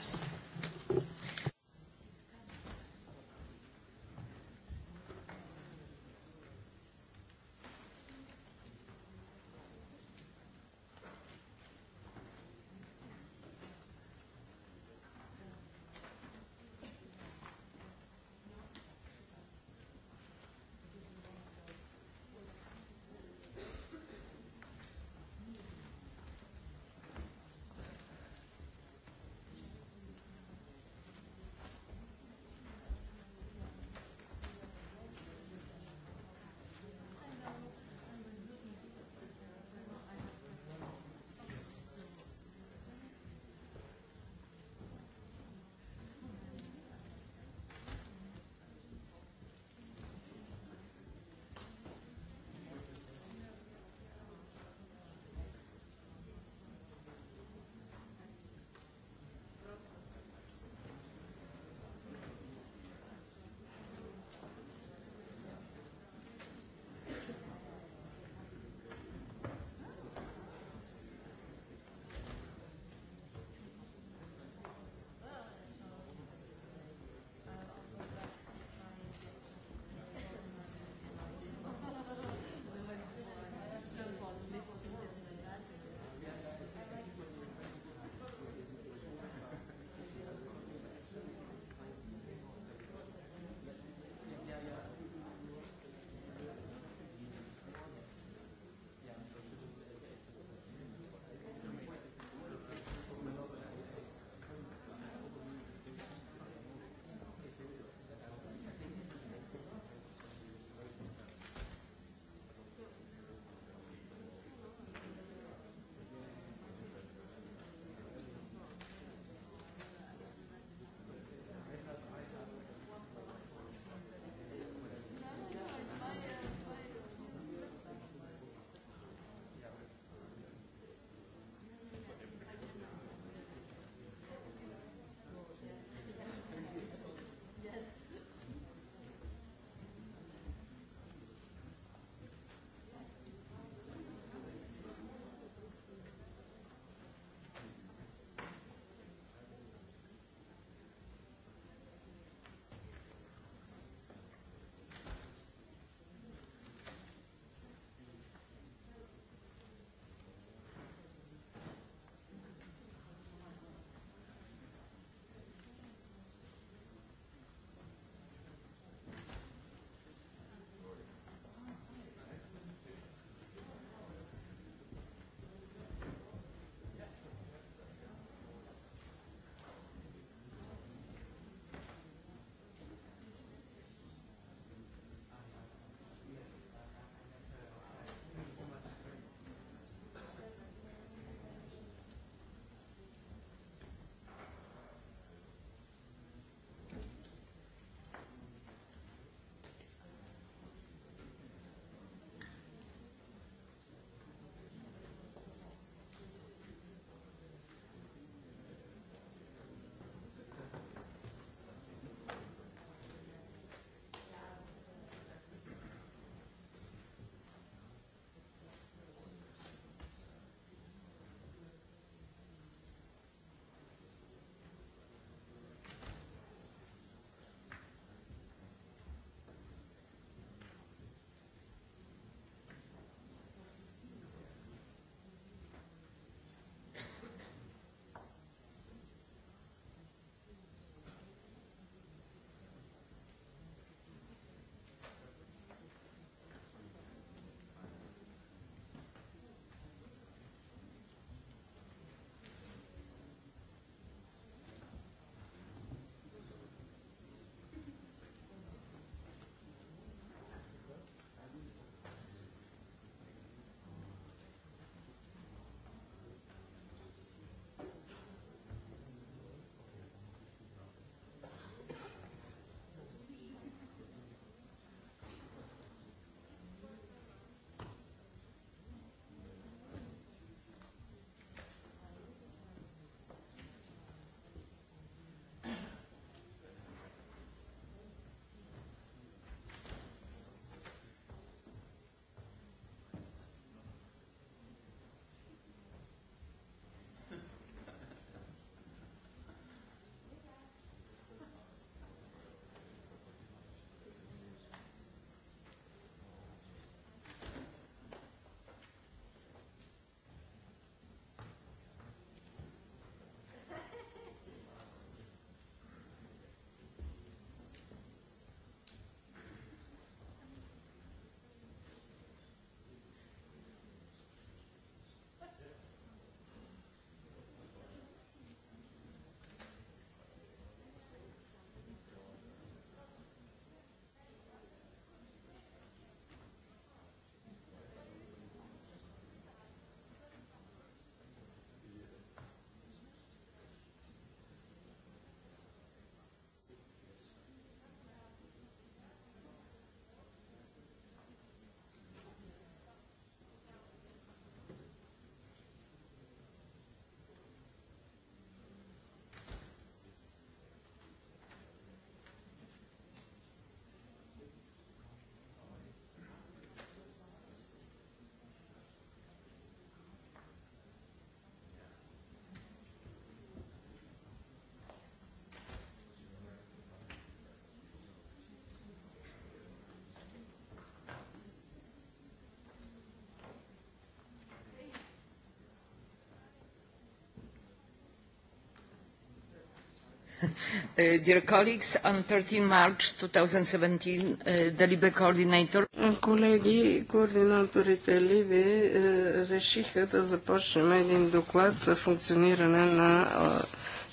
Uh, dear colleagues, on 13 March 2017, uh, the LIBE coordinator... Колеги, координаторите Ливи uh, решиха да започнем един доклад за функциониране на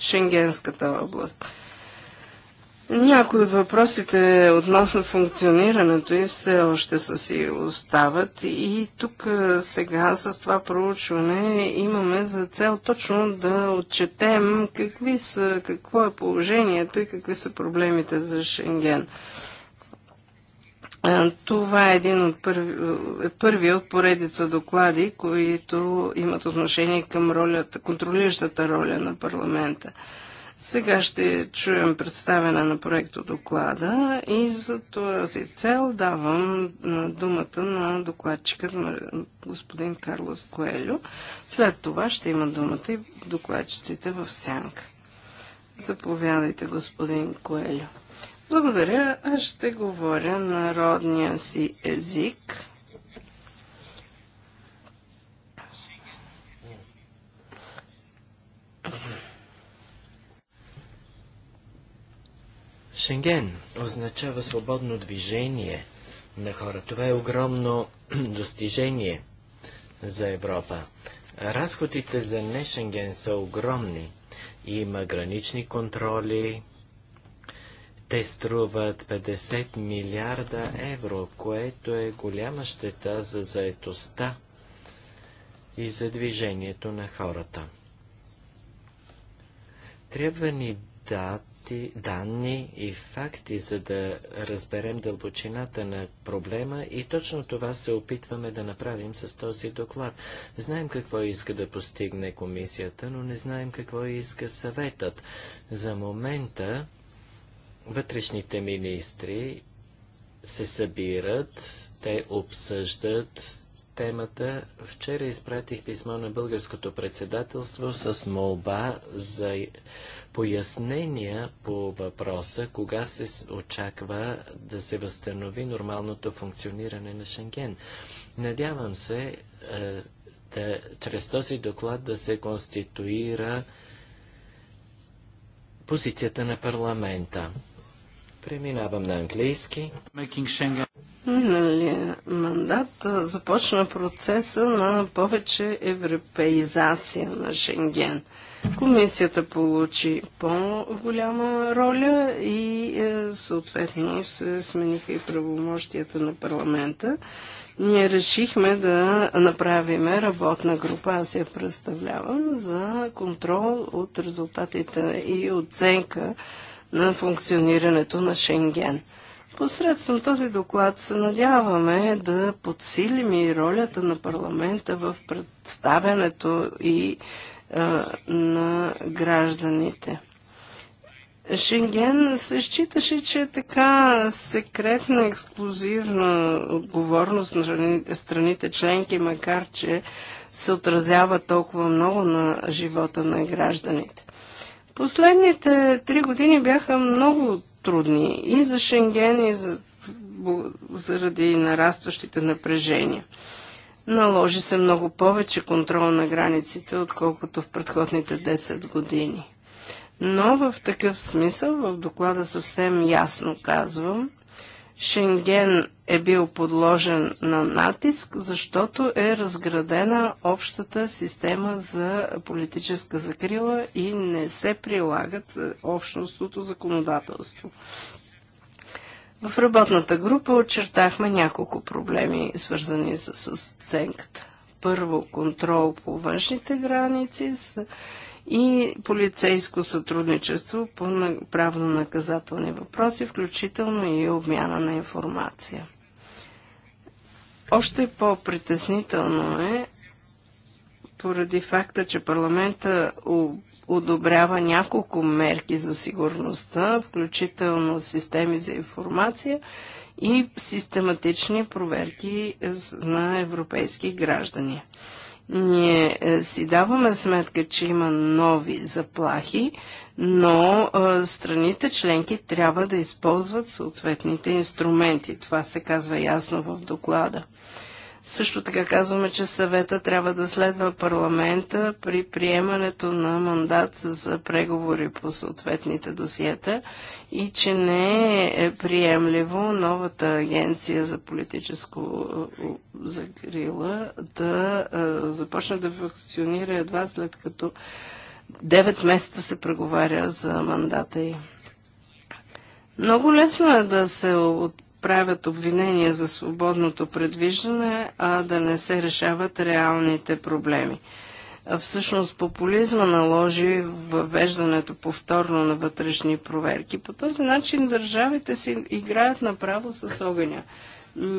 Шенгенската област. Някои от въпросите относно функционирането и все още са си остават и тук сега с това проучване имаме за цел точно да отчетем какви са, какво е положението и какви са проблемите за Шенген. Това е един от първи, е първи от поредица доклади, които имат отношение към ролята, контролиращата роля на парламента. Сега ще чуем представяне на проекто доклада и за този цел давам думата на докладчика господин Карлос Коелю. След това ще има думата и докладчиците в сянка. Заповядайте, господин Коелю. Благодаря. Аз ще говоря народния си език. Okay. Шенген означава свободно движение на хора. Това е огромно достижение за Европа. Разходите за не Шенген са огромни. Има гранични контроли. Те струват 50 милиарда евро, което е голяма щета за заетостта и за движението на хората. Трябва ни дат факти, данни и факти, за да разберем дълбочината на проблема и точно това се опитваме да направим с този доклад. Знаем какво иска да постигне комисията, но не знаем какво иска съветът. За момента вътрешните министри се събират, те обсъждат темата. Вчера изпратих писмо на българското председателство с молба за пояснения по въпроса, кога се очаква да се възстанови нормалното функциониране на Шенген. Надявам се е, да, чрез този доклад да се конституира позицията на парламента. Преминавам на английски миналия мандат започна процеса на повече европеизация на Шенген. Комисията получи по-голяма роля и е, съответно се смениха и правомощията на парламента. Ние решихме да направим работна група, аз я представлявам, за контрол от резултатите и оценка на функционирането на Шенген. Посредством този доклад се надяваме да подсилим и ролята на парламента в представянето и а, на гражданите. Шенген се считаше, че е така секретна, ексклюзивна отговорност на страните членки, макар че се отразява толкова много на живота на гражданите. Последните три години бяха много трудни и за Шенген, и за, заради нарастващите напрежения. Наложи се много повече контрол на границите, отколкото в предходните 10 години. Но в такъв смисъл в доклада съвсем ясно казвам, Шенген е бил подложен на натиск, защото е разградена общата система за политическа закрила и не се прилагат е, общностното законодателство. В работната група очертахме няколко проблеми, свързани с оценката. Първо, контрол по външните граници, с и полицейско сътрудничество по правно-наказателни въпроси, включително и обмяна на информация. Още по-притеснително е, поради факта, че парламента одобрява няколко мерки за сигурността, включително системи за информация и систематични проверки на европейски граждани. Ние е, си даваме сметка, че има нови заплахи, но е, страните членки трябва да използват съответните инструменти. Това се казва ясно в доклада. Също така казваме, че съвета трябва да следва парламента при приемането на мандат за преговори по съответните досиета и че не е приемливо новата агенция за политическо е, закрила да е, започне да функционира едва след като 9 месеца се преговаря за мандата й. Много лесно е да се правят обвинения за свободното предвиждане, а да не се решават реалните проблеми. Всъщност популизма наложи въвеждането повторно на вътрешни проверки. По този начин държавите си играят направо с огъня.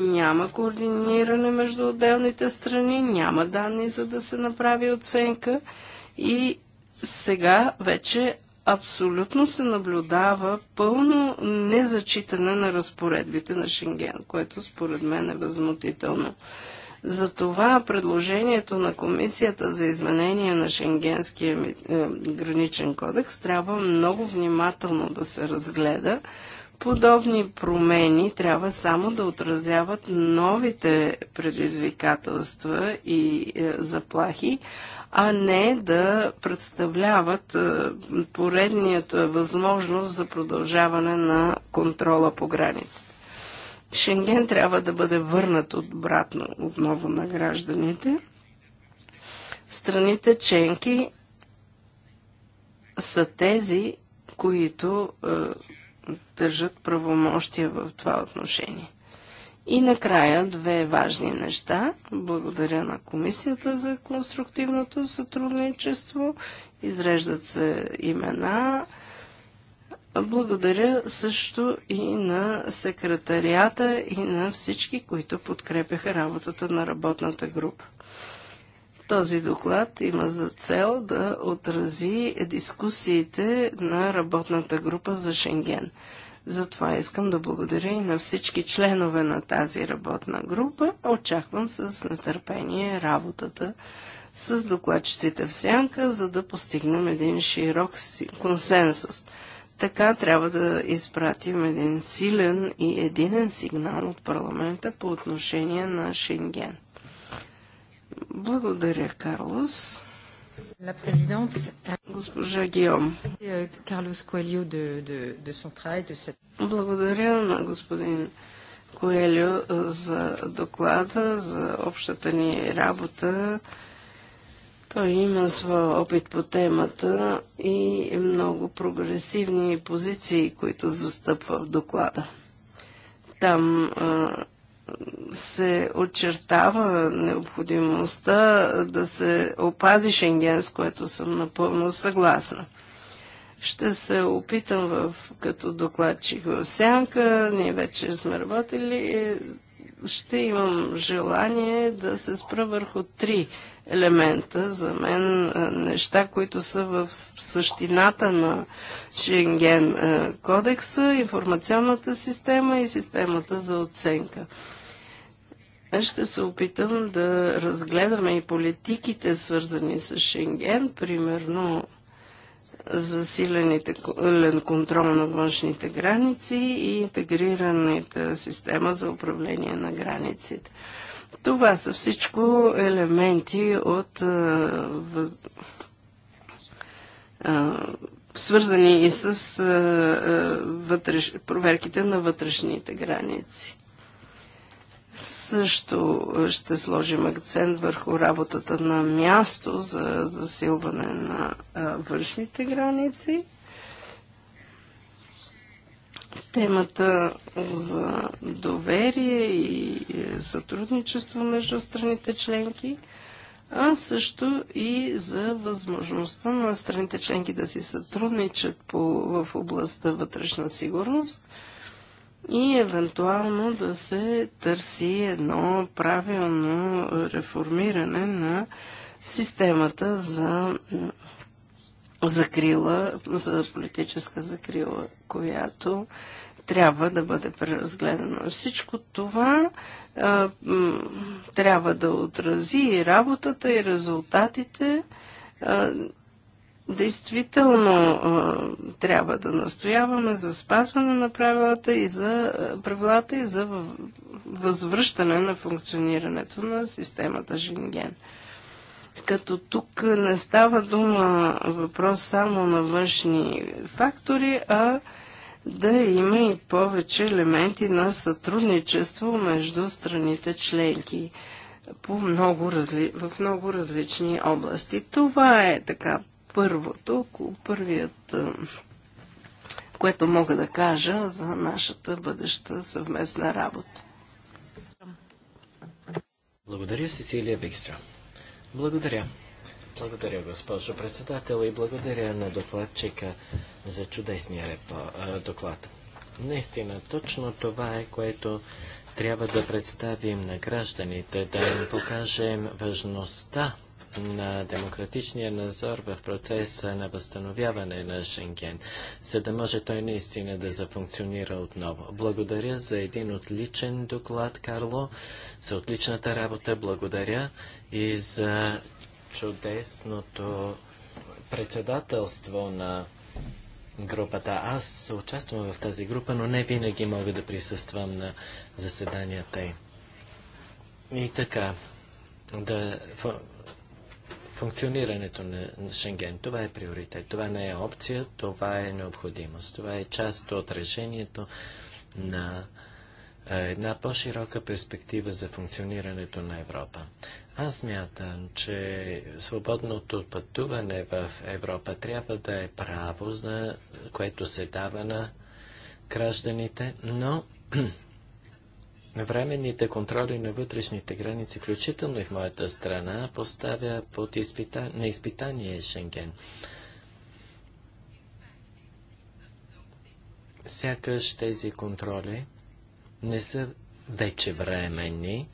Няма координиране между отделните страни, няма данни за да се направи оценка и сега вече абсолютно се наблюдава пълно незачитане на разпоредбите на Шенген, което според мен е възмутително. Затова предложението на Комисията за изменение на Шенгенския ми... е, граничен кодекс трябва много внимателно да се разгледа. Подобни промени трябва само да отразяват новите предизвикателства и е, заплахи, а не да представляват е, поредният е, възможност за продължаване на контрола по границите. Шенген трябва да бъде върнат обратно отново на гражданите. Страните ченки са тези, които е, държат правомощия в това отношение. И накрая две важни неща. Благодаря на комисията за конструктивното сътрудничество. Изреждат се имена. Благодаря също и на секретарията и на всички, които подкрепяха работата на работната група. Този доклад има за цел да отрази дискусиите на работната група за Шенген. Затова искам да благодаря и на всички членове на тази работна група. Очаквам с нетърпение работата с докладчиците в сянка, за да постигнем един широк консенсус. Така трябва да изпратим един силен и единен сигнал от парламента по отношение на Шенген. Благодаря, Карлос. Госпожа Гиом. Euh, Благодаря на господин Коелио за доклада, за общата ни работа. Той има своя опит по темата и много прогресивни позиции, които застъпва в доклада. Там а, се очертава необходимостта да се опази Шенген, с което съм напълно съгласна. Ще се опитам в, като докладчик в сянка, ние вече сме работили, е, ще имам желание да се спра върху три елемента, за мен е, неща, които са в същината на Шенген е, кодекса, информационната система и системата за оценка. Ще се опитам да разгледаме и политиките, свързани с Шенген, примерно засилен контрол на външните граници и интегрираната система за управление на границите. Това са всичко елементи от свързани и с вътреш... проверките на вътрешните граници. Също ще сложим акцент върху работата на място за засилване на външните граници. Темата за доверие и е, сътрудничество между страните членки, а също и за възможността на страните членки да си сътрудничат по, в областта вътрешна сигурност и евентуално да се търси едно правилно реформиране на системата за закрила, за политическа закрила, която трябва да бъде преразгледано. Всичко това а, трябва да отрази и работата, и резултатите. А, Действително трябва да настояваме за спазване на правилата и за, правилата и за възвръщане на функционирането на системата Женген като тук не става дума въпрос само на външни фактори, а да има и повече елементи на сътрудничество между страните членки по много разли... в много различни области. Това е така първото, първият, което мога да кажа за нашата бъдеща съвместна работа. Благодаря, Сесилия Викстра. Благодаря. Благодаря, госпожо председател, и благодаря на докладчика за чудесния репо, доклад. Наистина, точно това е, което трябва да представим на гражданите, да им покажем важността на демократичния надзор в процеса на възстановяване на Шенген, за да може той наистина да зафункционира отново. Благодаря за един отличен доклад, Карло, за отличната работа, благодаря и за чудесното председателство на групата. Аз участвам в тази група, но не винаги мога да присъствам на заседанията й. И така, да функционирането на Шенген. Това е приоритет. Това не е опция, това е необходимост. Това е част от решението на е, една по-широка перспектива за функционирането на Европа. Аз мятам, че свободното пътуване в Европа трябва да е право, за което се дава на гражданите, но Временните контроли на вътрешните граници, включително и в моята страна, поставя под изпита... на изпитание Шенген. Сякаш тези контроли не са вече временни.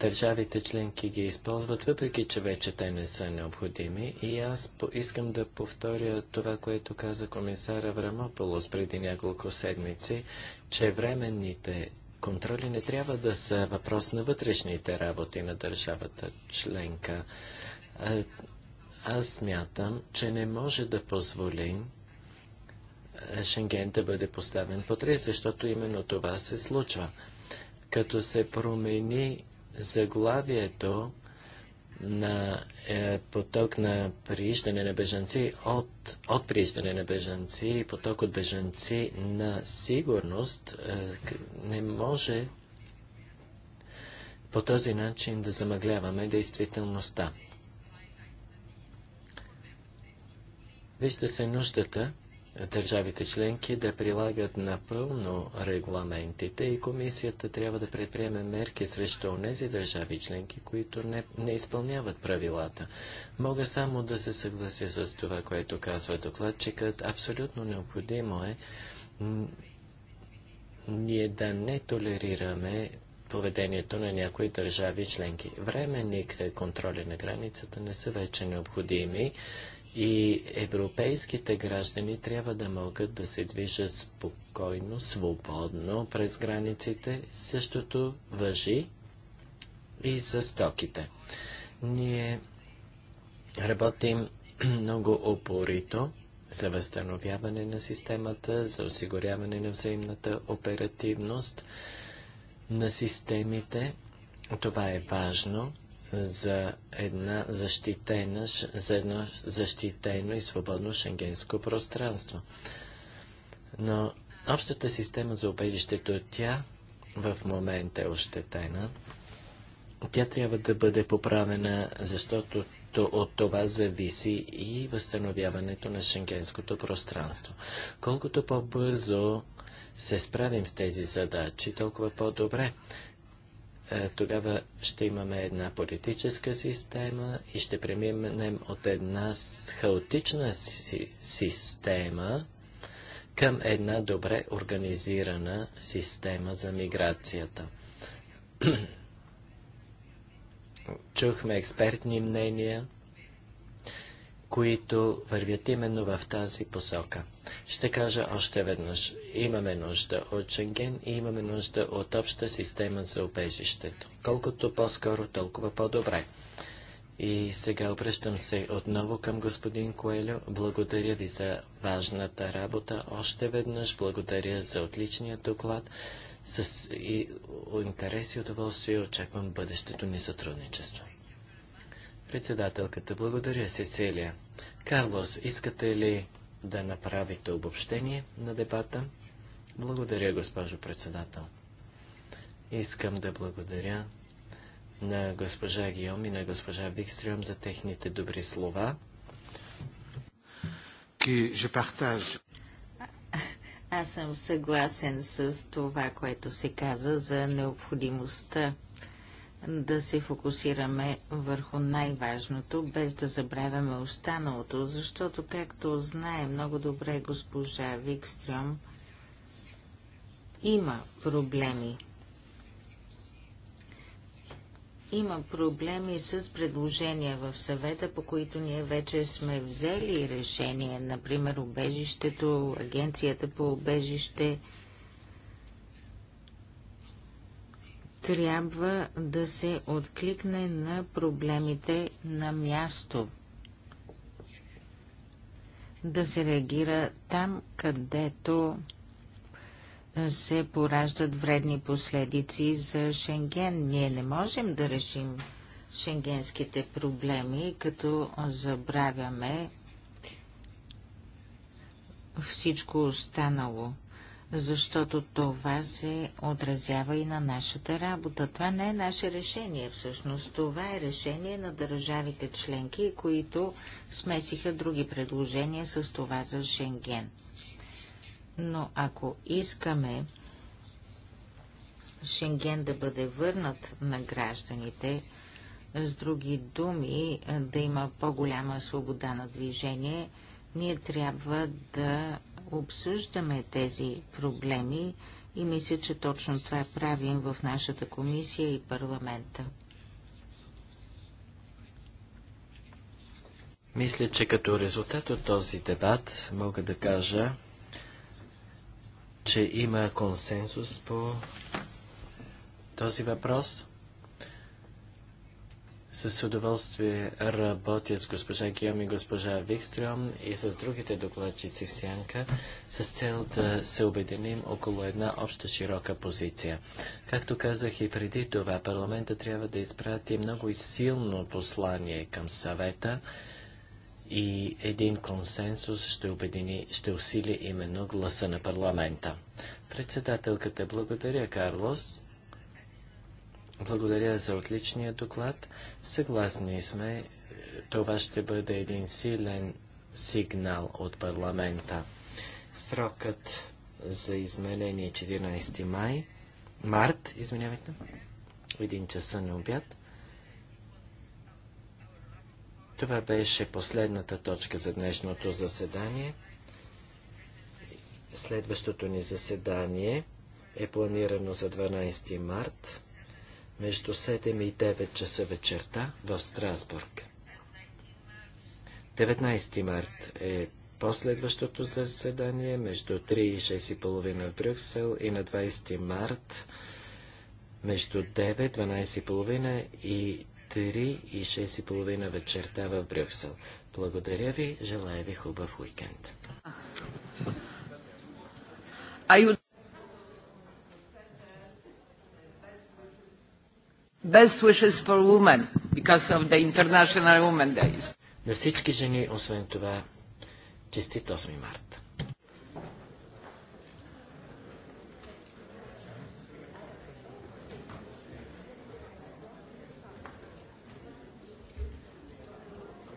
Държавите членки ги използват, въпреки че вече те не са необходими. И аз искам да повторя това, което каза комисара Врамополос преди няколко седмици, че временните контроли не трябва да са въпрос на вътрешните работи на държавата членка. аз смятам, че не може да позволим Шенген да бъде поставен под риск, защото именно това се случва. Като се промени заглавието на е, поток на прииждане на бежанци от, от прииждане на бежанци и поток от бежанци на сигурност е, не може по този начин да замъгляваме действителността. Вижте се нуждата държавите членки да прилагат напълно регламентите и комисията трябва да предприеме мерки срещу тези държави членки, които не, не изпълняват правилата. Мога само да се съглася с това, което казва докладчикът. Абсолютно необходимо е ние да не толерираме поведението на някои държави членки. Временните контроли на границата не са вече необходими. И европейските граждани трябва да могат да се движат спокойно, свободно през границите. Същото въжи и за стоките. Ние работим много опорито за възстановяване на системата, за осигуряване на взаимната оперативност на системите. Това е важно за, една защитена, за едно защитено и свободно шенгенско пространство. Но общата система за убежището, тя в момента е ощетена. Тя трябва да бъде поправена, защото от това зависи и възстановяването на шенгенското пространство. Колкото по-бързо се справим с тези задачи, толкова по-добре. Е, тогава ще имаме една политическа система и ще преминем от една хаотична си система към една добре организирана система за миграцията. Чухме експертни мнения които вървят именно в тази посока. Ще кажа още веднъж. Имаме нужда от Шенген и имаме нужда от обща система за убежището. Колкото по-скоро, толкова по-добре. И сега обръщам се отново към господин Коелю. Благодаря ви за важната работа. Още веднъж благодаря за отличния доклад. С и, интерес и удоволствие очаквам бъдещето ни сътрудничество. Председателката, благодаря, Сицилия. Карлос, искате ли да направите обобщение на дебата? Благодаря, госпожо председател. Искам да благодаря на госпожа Гиом и на госпожа Викстрюм за техните добри слова. Аз съм съгласен с това, което се каза за необходимостта да се фокусираме върху най-важното, без да забравяме останалото, защото, както знае много добре госпожа Викстрюм, има проблеми. Има проблеми с предложения в съвета, по които ние вече сме взели решение, например, убежището, агенцията по убежище – трябва да се откликне на проблемите на място. Да се реагира там, където се пораждат вредни последици за Шенген. Ние не можем да решим шенгенските проблеми, като забравяме всичко останало защото това се отразява и на нашата работа. Това не е наше решение всъщност. Това е решение на държавите членки, които смесиха други предложения с това за Шенген. Но ако искаме Шенген да бъде върнат на гражданите, с други думи, да има по-голяма свобода на движение, ние трябва да обсъждаме тези проблеми и мисля, че точно това правим в нашата комисия и парламента. Мисля, че като резултат от този дебат мога да кажа, че има консенсус по този въпрос. С удоволствие работя с госпожа Гиом и госпожа Викстрюм и с другите докладчици в Сянка с цел да се обединим около една обща широка позиция. Както казах и преди това, парламента трябва да изпрати много и силно послание към съвета и един консенсус ще, обедини, ще усили именно гласа на парламента. Председателката благодаря, Карлос. Благодаря за отличния доклад. Съгласни сме, е, това ще бъде един силен сигнал от парламента. Срокът за изменение 14 е май, март, извинявайте, един часа на обяд. Това беше последната точка за днешното заседание. Следващото ни заседание е планирано за 12 март между 7 и 9 часа вечерта в Страсбург. 19 март е последващото заседание между 3 и 6 и половина в Брюксел и на 20 март между 9, 12 и половина и 3 и 6 и половина вечерта в Брюксел. Благодаря ви, желая ви хубав уикенд. Best wishes for women, because of the International Women Days. На всички жени, освен това, честит 8 март.